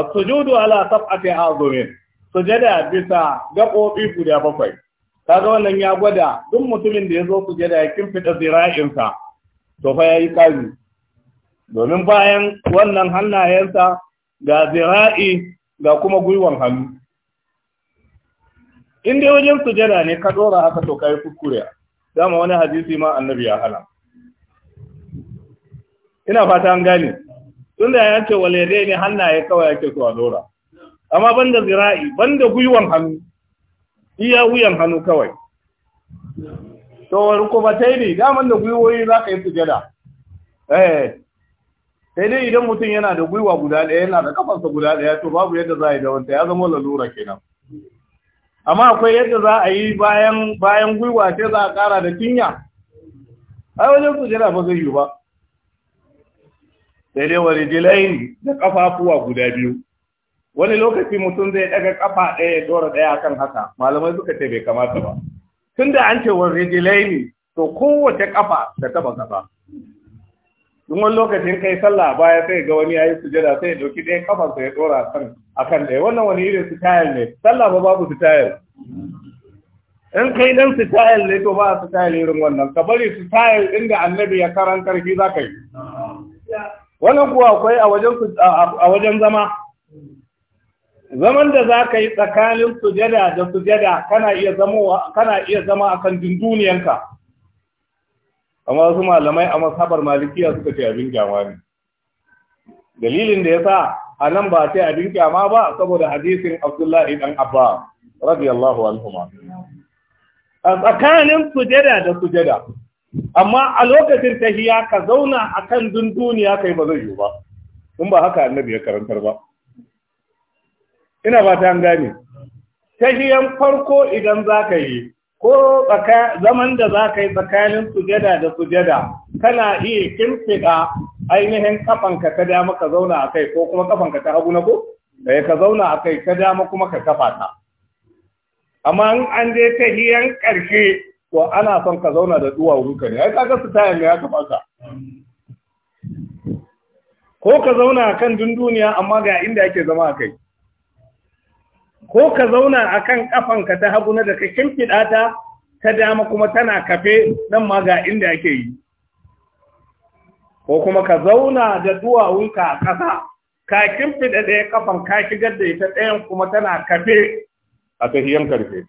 [SPEAKER 1] as-sujudu ala sab'ati azumin sujada bisa gaɓoɓi guda bakwai kaga wannan ya gwada duk mutumin da ya zo sujada ya kimfida zira'insa to fa yayi kazi domin bayan wannan hannayensa ga zira'i ga kuma gwiwan hannu in dai wajen sujada ne ka dora haka to kai kuskure dama wani hadisi ma annabi ya hana ina fata an gane Tunda da ya ce walede ne hannaye kawai ake so a dora amma banda zira'i banda gwiwan hannu iya wuyan hannu kawai to rukubatai ne daman da gwiwoyi za ka yi sujada eh sai dai idan mutum yana da gwiwa guda ɗaya yana da kafansa guda ɗaya to babu yadda za a yi da wanta ya zama lalura kenan amma akwai yadda za a yi bayan bayan gwiwa sai za a ƙara da cinya ai wajen sujada ba zai yi ba sai dai wari dilain da kafafuwa guda biyu wani lokaci mutum zai daga kafa ɗaya ya dora ɗaya akan haka malamai suka ce bai kamata ba tunda an ce wari dilain to kowace kafa da taba kafa duk wani lokacin kai sallah baya sai ga wani yayi sujada sai ya dauki ɗaya sai ya dora kan akan ɗaya wannan wani irin sitayel ne sallah ba babu sitayel. in kai dan sitayel ne to ba sitayel irin wannan ka bari sitayil inda annabi ya karantar shi ka yi wannan kuwa akwai a wajen zama zaman da za ka yi tsakanin sujada da sujada kana iya zama kana iya zama akan dunduniyanka amma wasu malamai a masabar malikiya suka ce abin kyama ne dalilin da ya sa a nan ba sai abin kyama ba saboda hadisin abdullahi dan abba radiyallahu anhu a tsakanin sujada da sujada amma a lokacin tahiya ka zauna a akan dunduniya kai ba zai yi ba in ba haka annabi ya karantar ba ina ba ta gane tahiyan farko idan za ka yi ko zaman da za ka yi tsakanin sujada da sujada kana iya kimfiɗa ainihin kafanka ta dama ka zauna a kai ko kuma kafanka ta hagu na ko da eh, ka zauna a kai ta dama kuma ka kafa ta amma in an je tahiyan ƙarshe to ana son ka zauna da duwawunka ne ai kaga su taya ya ka baka ko ka zauna akan dunduniya amma ga inda yake zama kai, ko ka zauna akan kafanka ta hagu na da ka kimfida ta ta dama kuma tana kafe nan ma ga inda ake yi ko kuma ka zauna da duwawunka a ƙasa ka kimfida ɗaya kafan ka shigar da ita ɗayan kuma tana kafe a tahiyan karfe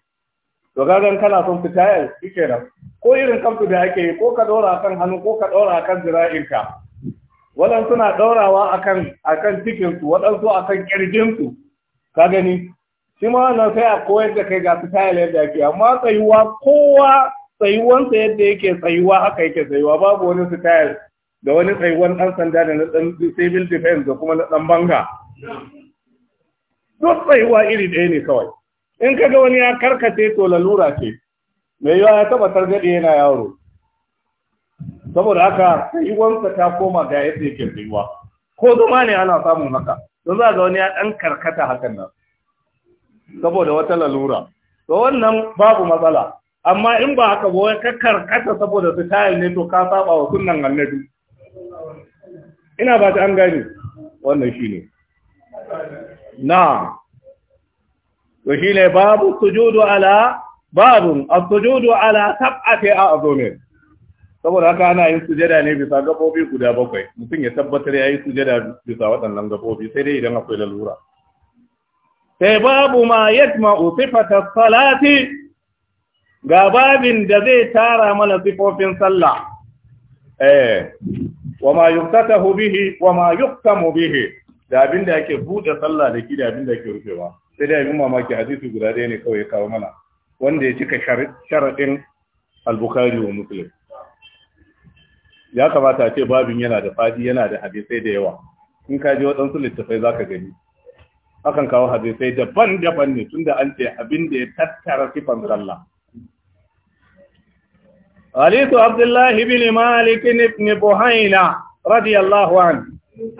[SPEAKER 1] to gagan kana son fita yau nan ko irin kamfu da ake yi ko ka dora akan hannu ko ka dora akan jira'inka Wannan suna ɗaurawa akan akan cikinsu waɗansu akan ƙirjinsu ka gani shi ma na sai a koyar da kai ga fita yadda ake amma tsayuwa kowa tsayuwan sa yadda yake tsayuwa haka yake tsayuwa babu wani style da wani tsayuwan ɗan sanda da na ɗan civil defense da kuma na ɗan banga duk tsayuwa iri ɗaya ne kawai in ka ga wani ya karkace to lalura ce mai yawa ya taba targaɗe yana yaro saboda haka tsayuwansa ta koma ga yadda yake tsayuwa ko zama ne ana samun haka don za ga wani ya ɗan karkata hakan nan saboda wata lalura to wannan babu matsala amma in ba haka ba ka karkata saboda su tayar ne to ka saba wa sunan annabi ina ba ta an gani wannan shine na'am to babu sujudu ala babun as-sujudu ala saboda haka ana yin sujada ne bisa gabobi guda bakwai mutum ya tabbatar ya yi sujada bisa waɗannan gabobi sai dai idan akwai lalura sai babu ma yajma'u sifata salati ga babin da zai tara mana sifofin sallah eh wa ma yuftatahu bihi wa ma bihi da abin da ake buɗe sallah da ki da abin da ake rufewa sai dai abin mamaki hadisi guda ɗaya ne kawai ya kawo mana wanda ya cika sharaɗin al-bukhari wa muslim ya kamata a ce babin yana da fadi yana da hadisai da yawa in ka ji waɗansu littafai za ka gani akan kawo hadisai daban-daban ne tunda an ce abin da ya tattara sifan sallah حديث عبد الله بن مالك بن بحينة رضي الله عنه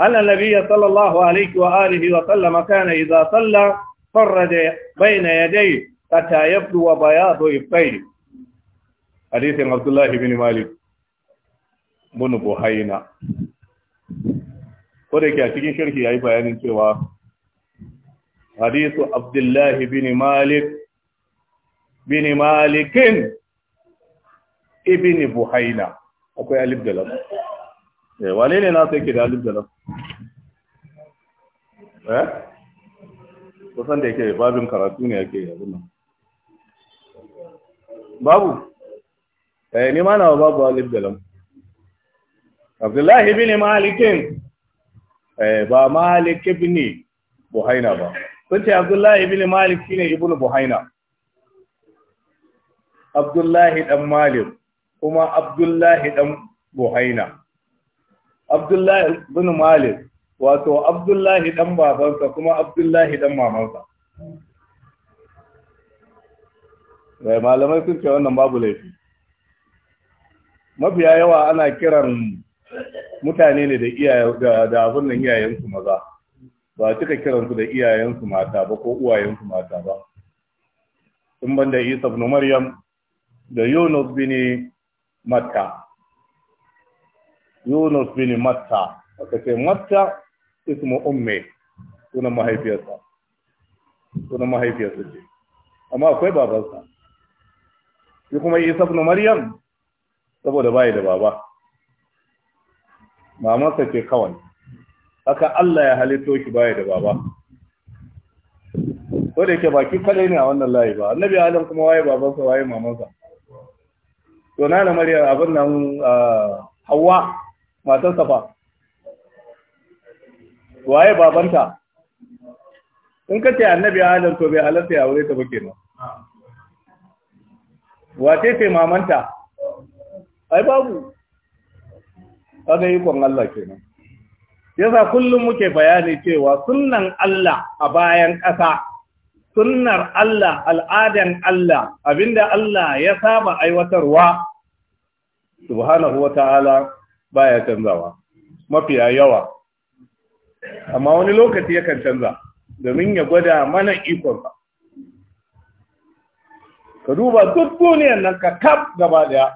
[SPEAKER 1] أن النبي صلى الله عليه وآله وسلم كان إذا صلى فرج بين يديه حتى ya بياض إبطيه حديث عبد الله بن مالك بن بوهينا kodayake a cikin shirki yayi bayanin cewa hadisu abdullahi bin malik bin malikin ibn buhaina akwai alif da lam wane ne na sai ke da alif da lam kusan da yake babin karatu ne yake yanzu nan babu eh ni ma nawa babu alif da lam Abdullahi bin Malik eh ba Malik ibn Buhaina ba kun ce Abdullahi bin Malik shine ibn Buhaina Abdullahi dan Malik kuma Abdullahi dan Buhaina Abdullahi bin Malik wato abdullahi dan babansa kuma abdullahi dan mamansa mai malamai sun ce wannan babu laifi mafiya yawa ana kiran mutane ne da iyaye da abin nan iyayensu maza ba cika kiransu da iyayensu mata ba ko uwayensu mata ba in banda isa bin maryam da yunus bin matta yunus bin matta aka ce matta ismu umme sunan mahaifiyarsa sunan mahaifiyarsa ce amma akwai babansa shi kuma isa ibn maryam saboda bai da baba mamansa ce kawai haka Allah ya halitto shi bai da baba ko da yake baki kadai ne a wannan layi ba annabi alim kuma waye babansa waye mamansa to na maryam abin nan ah, hawa matarsa fa waye babanta in ka ce annabi adam to bai halatta ya aure ta ba kenan wace ce mamanta ai babu kaga kon Allah kenan yasa kullum muke bayani cewa sunnan Allah a bayan ƙasa sunnar Allah al'adan Allah abinda Allah ya saba aiwatarwa subhanahu wa ta'ala baya canzawa mafiya yawa amma wani lokaci yakan canza domin ya gwada mana ikonsa ka duba duk duniyar nan ka kaf gaba daya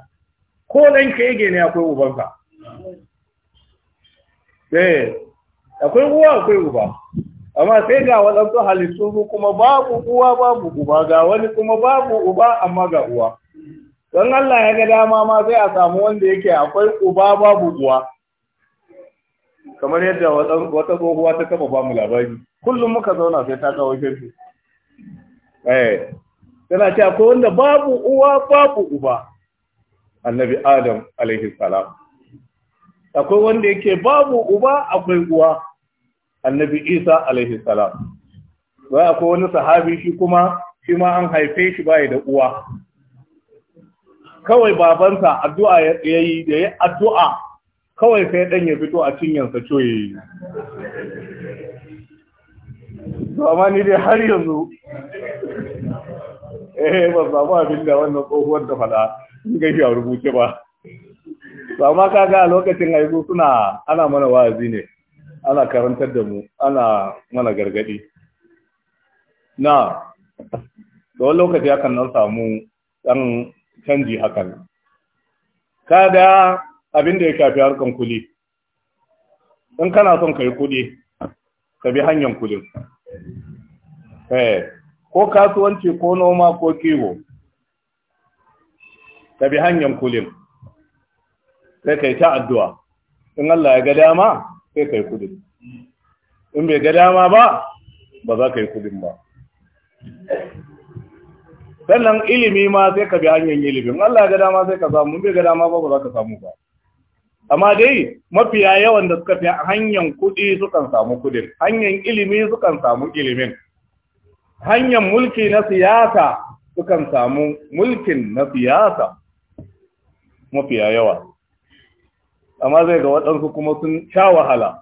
[SPEAKER 1] ko ɗan kege ne akwai ubansa Sai eh, akwai uwa akwai uba amma sai ga waɗansu halittu kuma babu uwa babu uba ga wani kuma babu uba amma ga uwa don Allah ya ga dama ma sai a samu wanda yake akwai uba babu uwa kamar yadda wata tsohuwa ta taba ba mu labari kullum muka zauna sai ta kawo shirki eh tana ce akwai wanda babu uwa babu uba annabi adam alaihi salam akwai wanda yake babu uba akwai uwa annabi isa alaihi salam wai akwai wani sahabi shi kuma shi ma an haife shi bai da uwa kawai babansa addu'a ya yi da ya addu'a kawai sai ɗan ya fito a cinyansa coye to amma ni dai har yanzu eh ba samu abin da wannan tsohuwar da fada in gashi a rubuce ba to amma kaga a lokacin haihu suna ana mana wa'azi ne ana karantar da mu ana mana gargadi. na To wani lokaci hakan nan samu ɗan canji hakan kada abin da ya kafi harkan kuɗi in kana son ka yi kuɗi ka bi hanyar kuɗin eh, ko kasuwanci ko noma ko kiwo ka bi hanyar kuɗin sai ka yi ta addu'a in Allah ya ga dama sai ka yi kuɗin in bai ga dama ba ba za ka yi kuɗin ba sannan ilimi ma sai ka bi hanyar ilimin Allah ya ga dama sai ka samu In bai ga dama ba ba za ka samu ba amma dai mafiya yawan da suka fi hanyar kuɗi sukan samu kuɗin hanyar ilimi sukan samu ilimin hanyar mulki na siyasa sukan samu mulkin na siyasa mafiya yawa amma zai ga waɗansu kuma sun sha wahala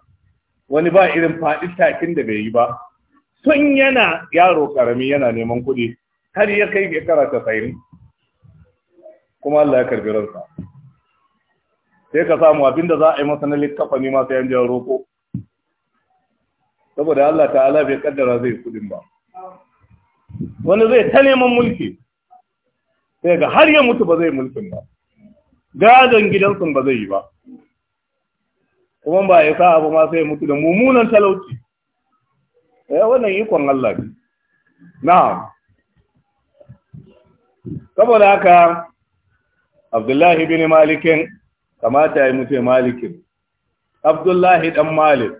[SPEAKER 1] wani ba irin faɗi takin da bai yi ba sun yana yaro ƙarami yana neman kuɗi har ya kai shekara ta kuma Allah ya karbi ransa sai ka samu abinda za a yi masa na littafa ne masu yan jan roƙo saboda Allah ta'ala bai kaddara zai kudin ba wani zai ta neman mulki sai ga har ya mutu ba zai mulkin ba gadon gidansu ba zai yi ba kuma ba ya sa abu ma sai mutu da mummunan talauci eh wannan ikon Allah ne na'am saboda haka Abdullahi bin Malikin kamata ya mutu malikin abdullahi dan malik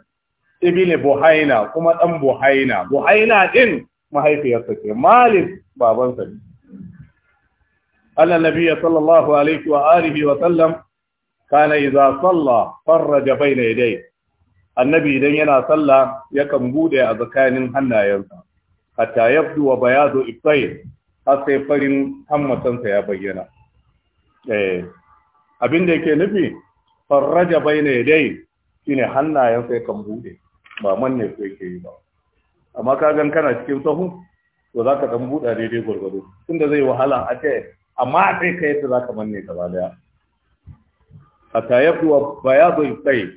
[SPEAKER 1] ibn buhaina kuma dan buhaina buhaina din mahaifiyarsa ce malik babansa ne anna nabiyya sallallahu alaihi wa alihi wa sallam kana idza salla farraja baina yadayhi annabi idan yana sallah yakan bude a tsakanin hannayensa hatta yabdu wa bayadu ibtayn har sai farin hammatansa ya bayyana eh abin da yake nufi farraja baina yadai shine hannayen sai kan bude ba manne su yake yi ba amma ka gan kana cikin sahu to zaka dan buda daidai gurgudu tunda zai wahala a ce amma sai kai yadda zaka manne gaba daya hatta ya bayadu sai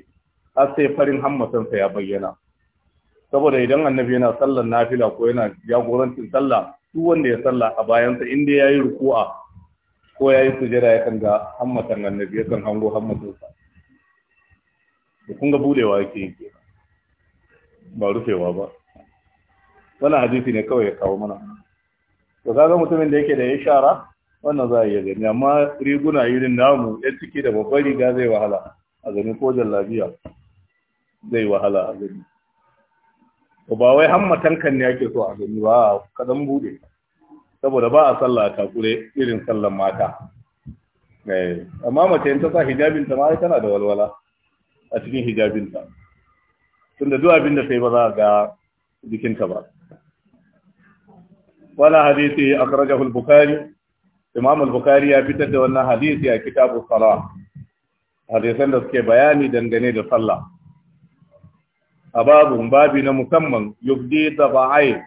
[SPEAKER 1] har sai farin hammatan ya bayyana saboda idan annabi yana sallar nafila ko yana jagorancin sallah duk wanda ya salla a bayansa in dai yayi ruku'a ko ya yi sujada ya kan ga hammatan annabi ya kan hango hammatinsa da kun ga budewa yake yi ke ba rufewa ba wannan hadisi ne kawai ya kawo mana to kaga mutumin da yake da ya shara wannan za a iya gani amma riguna irin namu ya ciki da babbar riga zai wahala a gani ko jallabiya zai wahala a gani ba wai hammatan kan ne ake so a gani ba kadan bude saboda ba a sallah takure irin sallan mata eh, amma mace in ta sa hijabinta ma tana da walwala a cikin hijabinta tunda duk abin da sai ba za ga jikinta ba wala hadisi akhrajahu al-bukhari imam al-bukhari ya fitar da wannan hadisi a kitabu salah hadisan da suke bayani dangane da sallah a babu babi na musamman yubdi ba'ai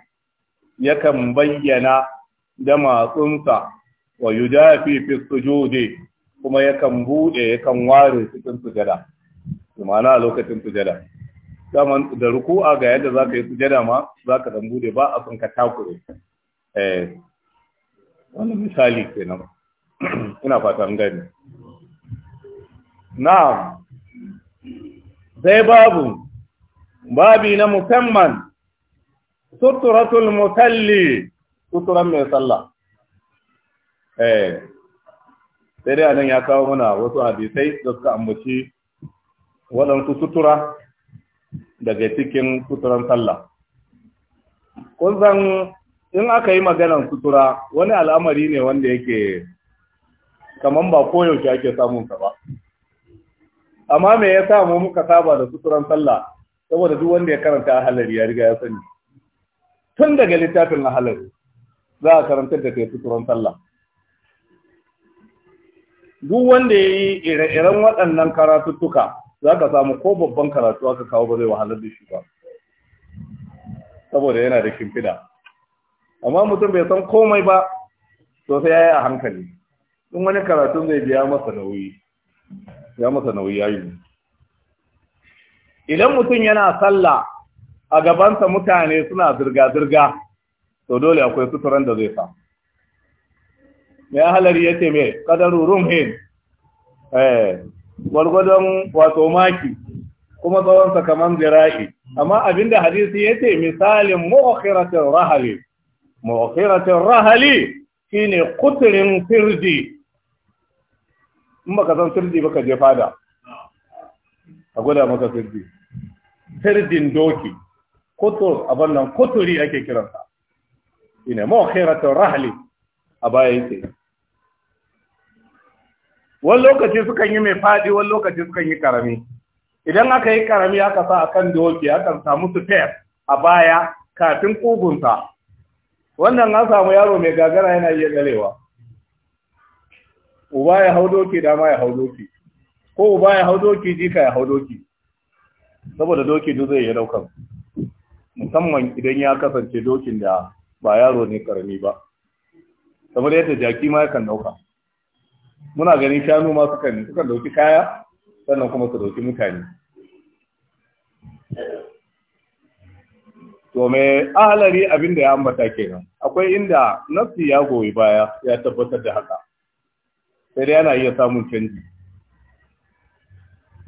[SPEAKER 1] yakan bayyana da matsunsa wa yudafi fi sujudi kuma yakan buɗe, yakan ware cikin sujada a lokacin sujada daman da ruku'a ga yadda za ka yi sujada ma za ka dan bude ba a son ka takure eh, wani misali ke nan ina fata an gani na zai babu babi na musamman suturatul mutalli suturan mai sallah eh sai dai anan ya kawo mana wasu hadisai da suka ambaci waɗansu sutura daga cikin suturan sallah kun san in aka yi maganar sutura wani al'amari ne wanda yake kamar ba koyaushe ake samun sa ba amma me ya mu muka saba da suturan sallah saboda duk wanda ya karanta ahalari ya riga ya sani tun daga littafin ahalari za a karantar da kai suturan sallah duk wanda ya yi ire-iren waɗannan karatuttuka za ka samu ko babban karatu aka kawo ba zai wahalar da shi ba saboda yana da shimfida. amma mutum bai san komai ba sosai ya yi a hankali in wani karatun zai biya masa nauyi ya masa nauyi ya yi idan mutum yana sallah a gabansa mutane suna zirga-zirga to dole akwai suturan da zai sa mai halari ya ce mai kadaru rumhin eh gwargwadon wato maki kuma tsawonsa kamar zira'i amma abinda hadisi ya ce misalin mu'akhiratin rahali mu'akhiratin rahali shine kuturin firji. in baka san ba baka je fada a gwada maka firji. Firjin doki kutur abin nan kuturi ake kiransa shine mukhiratu rahli a baya wani lokaci sukan yi mai faɗi wani lokaci sukan yi karami idan aka yi karami aka sa a kan doki aka samu spare a baya kafin kugunsa wannan an samu yaro mai gagara yana iya galewa uba ya hau doki dama ya hau doki ko uba ya hau doki jika ya hau doki saboda doki duk zai yi daukan musamman idan ya kasance dokin da ba yaro ne karami ba kamar yadda jaki ma yakan dauka muna ganin shanu ma sukan sukan dauki kaya sannan kuma su dauki mutane to me ahalari abin da ya ambata kenan akwai inda nafsi ya goyi baya ya tabbatar da haka sai dai ana iya samun canji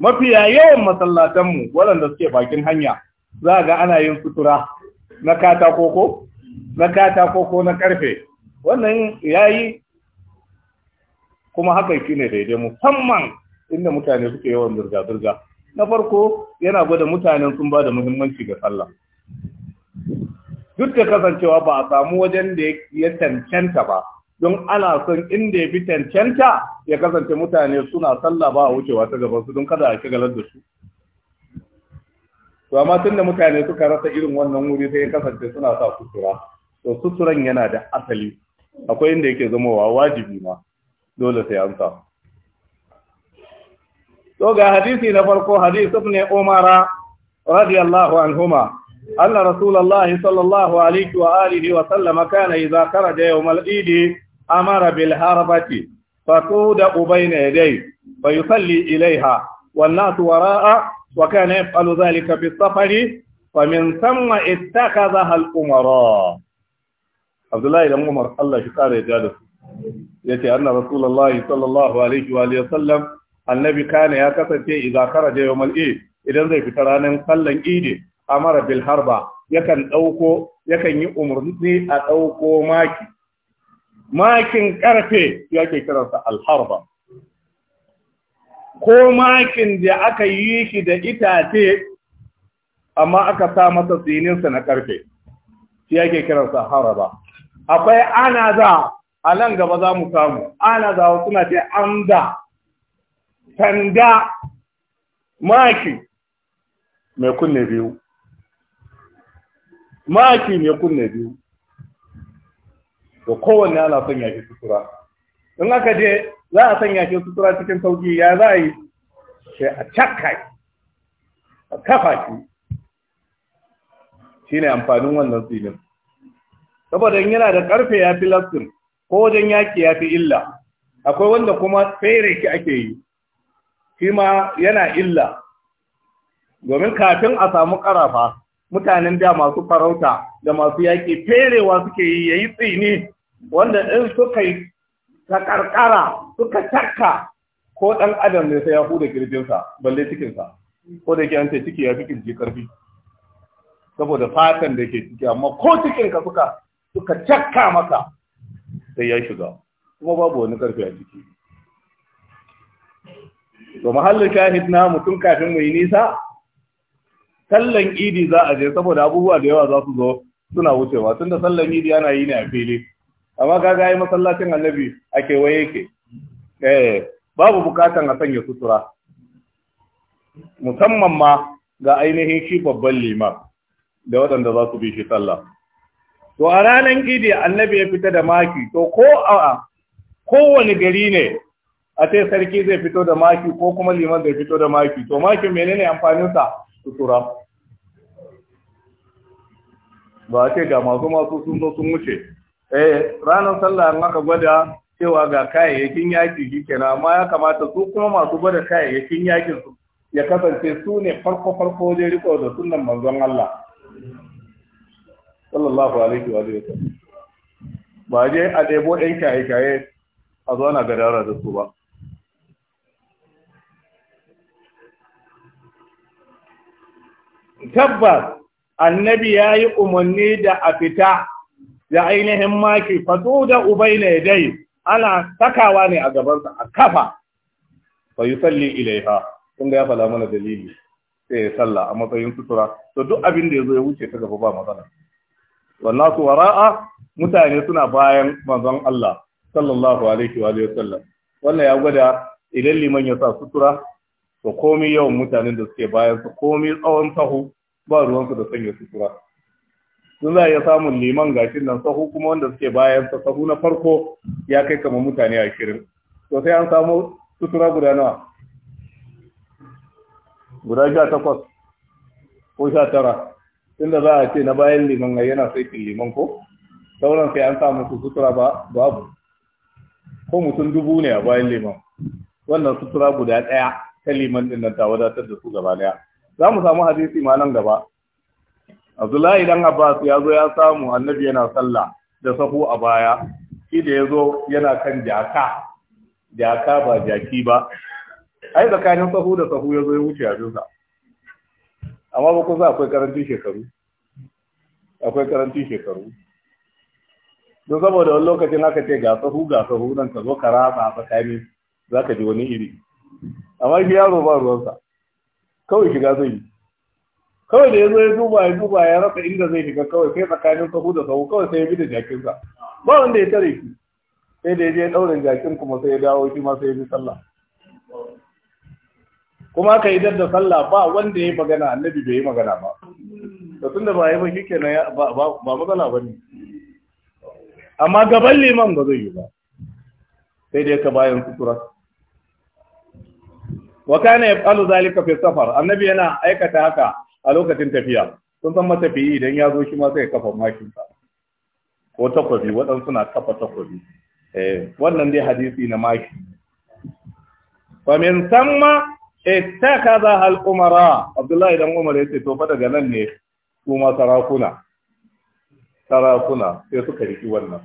[SPEAKER 1] mafiya yawan masallatanmu waɗanda suke bakin hanya za a ga ana yin sutura na katako ko na katako ko na karfe wannan yayi kuma haka shine ne daidai musamman inda mutane suke yawan zirga-zirga na farko yana gwada mutanen sun ba da muhimmanci ga sallah duk da kasancewa ba a samu wajen da ya cancanta ba don ana son inda ya fi cancanta ya kasance mutane suna sallah ba a wucewa ta gaban su don kada a shagalar da su to amma tun da mutane suka rasa irin wannan wuri sai ya kasance suna sa kusura. to suturan yana da asali akwai inda yake zama wa wajibi ma dole sai an samu to ga hadisi na farko hadisi ibn umara radiyallahu anhuma anna rasulullahi sallallahu alaihi wa alihi wa sallama kana idza kharaja yawm al-eid amara bil harbati ubayna yaday fa yusalli ilayha wan nas wara'a wa kana yaf'alu dhalika bis safari min thumma ittakhadha al-umara abdullahi dan umar Allah shi kare ya da su yace anna rasulullahi sallallahu alaihi wa alihi sallam annabi kana ya kasance idza kharaja yawmal eid idan zai fita ranar sallan eid amara bil harba yakan dauko yakan yi umurni a dauko maki makin karfe yake kiransa al harba ko makin da aka yi shi da itace amma aka sa masa sa na karfe shi yake kiransa haraba akwai ana za a nan gaba za mu samu ana za wasu na ce amda sanda maki mai kunne biyu maki mai kunne biyu da kowanne ana son yake sutura in aka je za a son shi sutura cikin sauki ya za a yi sai a cakka a kafa shi shi ne amfanin wannan filin saboda yana da karfe ya fi lafsin ko wajen yaki ya fi illa akwai wanda kuma fere ki ake yi shi yana illa domin kafin a samu karafa mutanen da masu farauta da masu yaki ferewa suke yi ya yi tsini wanda in suka yi ta karkara suka takka ko ɗan adam ne sai ya huda girbinsa balle cikinsa ko da ke ce ciki ya fi ƙirji ƙarfi. saboda fatan da ke ciki amma ko cikinka suka suka cakka maka sai ya shiga kuma babu wani karfi a jiki to mahallin shahid na mutum kafin mai nisa sallan idi za a je saboda abubuwa da yawa za su zo suna wucewa tunda sallan idi yana yi ne a fili amma ga yi masallacin annabi a kewaye yake eh babu bukatan a sanya sutura musamman ma ga ainihin shi babban liman da waɗanda za su bi shi sallah to a ranar gidi annabi ya fita da maki to ko a kowane gari ne a ce sarki zai fito da maki ko kuma liman zai fito da maki to makin menene amfaninsa sutura ba a ce ga masu masu sun zo sun wuce eh ranar sallah an aka gwada cewa ga kayayyakin yaki shi kenan amma ya kamata su kuma masu gwada kayayyakin yakin su ya kasance su ne farko farko wajen riko da sunan manzon Allah sallallahu alaihi wa sallam ba je a debo ɗan kyaye-kyaye a zo na gadara da su ba tabbas annabi ya yi umarni da a fita da ainihin maki fato da ubai na dai ana sakawa ne a gabansa a kafa fa yi salli ilaiha kun ga ya fada mana dalili sai ya salla a matsayin sutura to duk abin da ya zo ya wuce ta gaba ba matsala wallahu wara'a mutane suna bayan manzon Allah sallallahu alaihi wa sallam wannan ya gwada idan liman ya sa sutura to komai yawan mutanen da suke bayan su komai tsawon sahu ba ruwansu da sanya sutura sun za ya samun liman gashin nan sahu kuma wanda suke bayan sa sahu na farko ya kai kamar mutane ashirin to sai an samu sutura guda nawa guda sha takwas ko sha tara tunda za a ce na bayan liman ga yana saikin liman ko sauran sai an sa musu sutura ba babu ko mutum dubu ne a bayan liman wannan sutura guda daya ta liman ɗin nan ta wadatar da su gaba ɗaya za mu samu hadisi ma nan gaba abdullahi dan abbas ya zo ya samu annabi yana sallah da sahu a baya shi da ya zo yana kan jaka jaka ba jaki ba ai tsakanin sahu da sahu ya zo ya wuce a jinsa amma ba kusa akwai karantin shekaru akwai karantin shekaru don saboda wani lokacin haka ce ga sahu ga sahu nan ka zo ka raba a tsakani za ka ji wani iri amma shi yaro ba ruwansa kawai shiga zai yi kawai da ya zo ya duba ya duba ya rasa inda zai shiga kawai sai tsakanin sahu da sahu kawai sai ya bi da jakinsa ba wanda ya tare shi sai da ya je ɗaurin jakin kuma sai ya dawo shi ma sai ya bi sallah kuma aka yi da sallah ba wanda ya magana annabi bai yi magana
[SPEAKER 2] ba
[SPEAKER 1] tun da ba yi ba shi kenan ba matsala ba ne amma gaban liman ba zai yi ba sai dai ka bayan sutura wa kana yaf'alu zalika fi safar annabi yana aikata haka a lokacin tafiya sun san matafiyi idan ya zo shi ma sai kafa makin sa ko takwabi waɗansu suna kafa takwabi eh wannan dai hadisi na maki fa min samma ittakaza hal umara abdullahi dan umar yace to fa daga nan ne ma sarakuna sarakuna sai suka riki wannan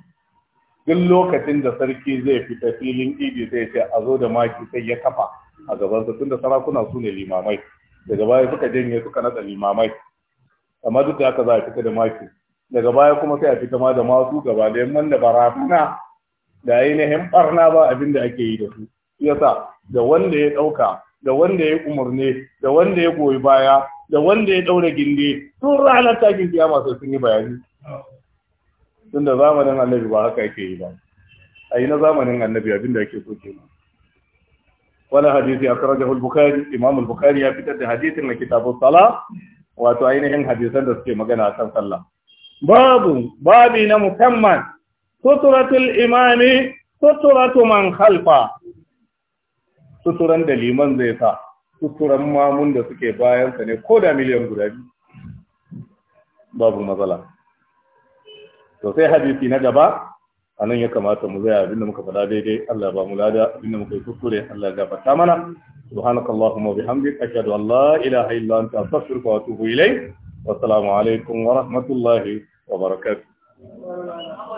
[SPEAKER 1] duk lokacin da sarki zai fita filin idi sai ce a zo da maki sai ya kafa a gaban su tunda sarakuna su ne limamai daga baya suka janye suka nada limamai amma duk da haka za a fita da maki daga baya kuma sai a fita ma da masu gaba da yamman da barafuna da ainihin ɓarna ba abin da ake yi da su yasa da wanda ya ɗauka. da wanda ya umarne da wanda ya goyi baya da wanda ya daura ginde tun ranar takin kiyama sai sun yi bayani tun da zamanin annabi ba haka yake yi ba a yi na zamanin annabi abinda yake so ke ba? wani hadisi a karar jahul bukari imam bukari ya fitar da hadisin na kitabun sala wato ainihin hadisan da suke magana a kan sallah babu babi na musamman suturatul imami suturatu man khalfa suturan da liman zai sa suturan mamun da suke bayansa ne ko da miliyan guda biyu babu matsala to sai hadisi na gaba anan nan ya kamata mu zai abinda muka faɗa daidai Allah ba mu lada abinda muka yi kuskure Allah ya gafarta mana ashhadu an la ilaha illa anta astaghfiruka wa atubu ilayk wa assalamu alaikum wa rahmatullahi wa barakatuh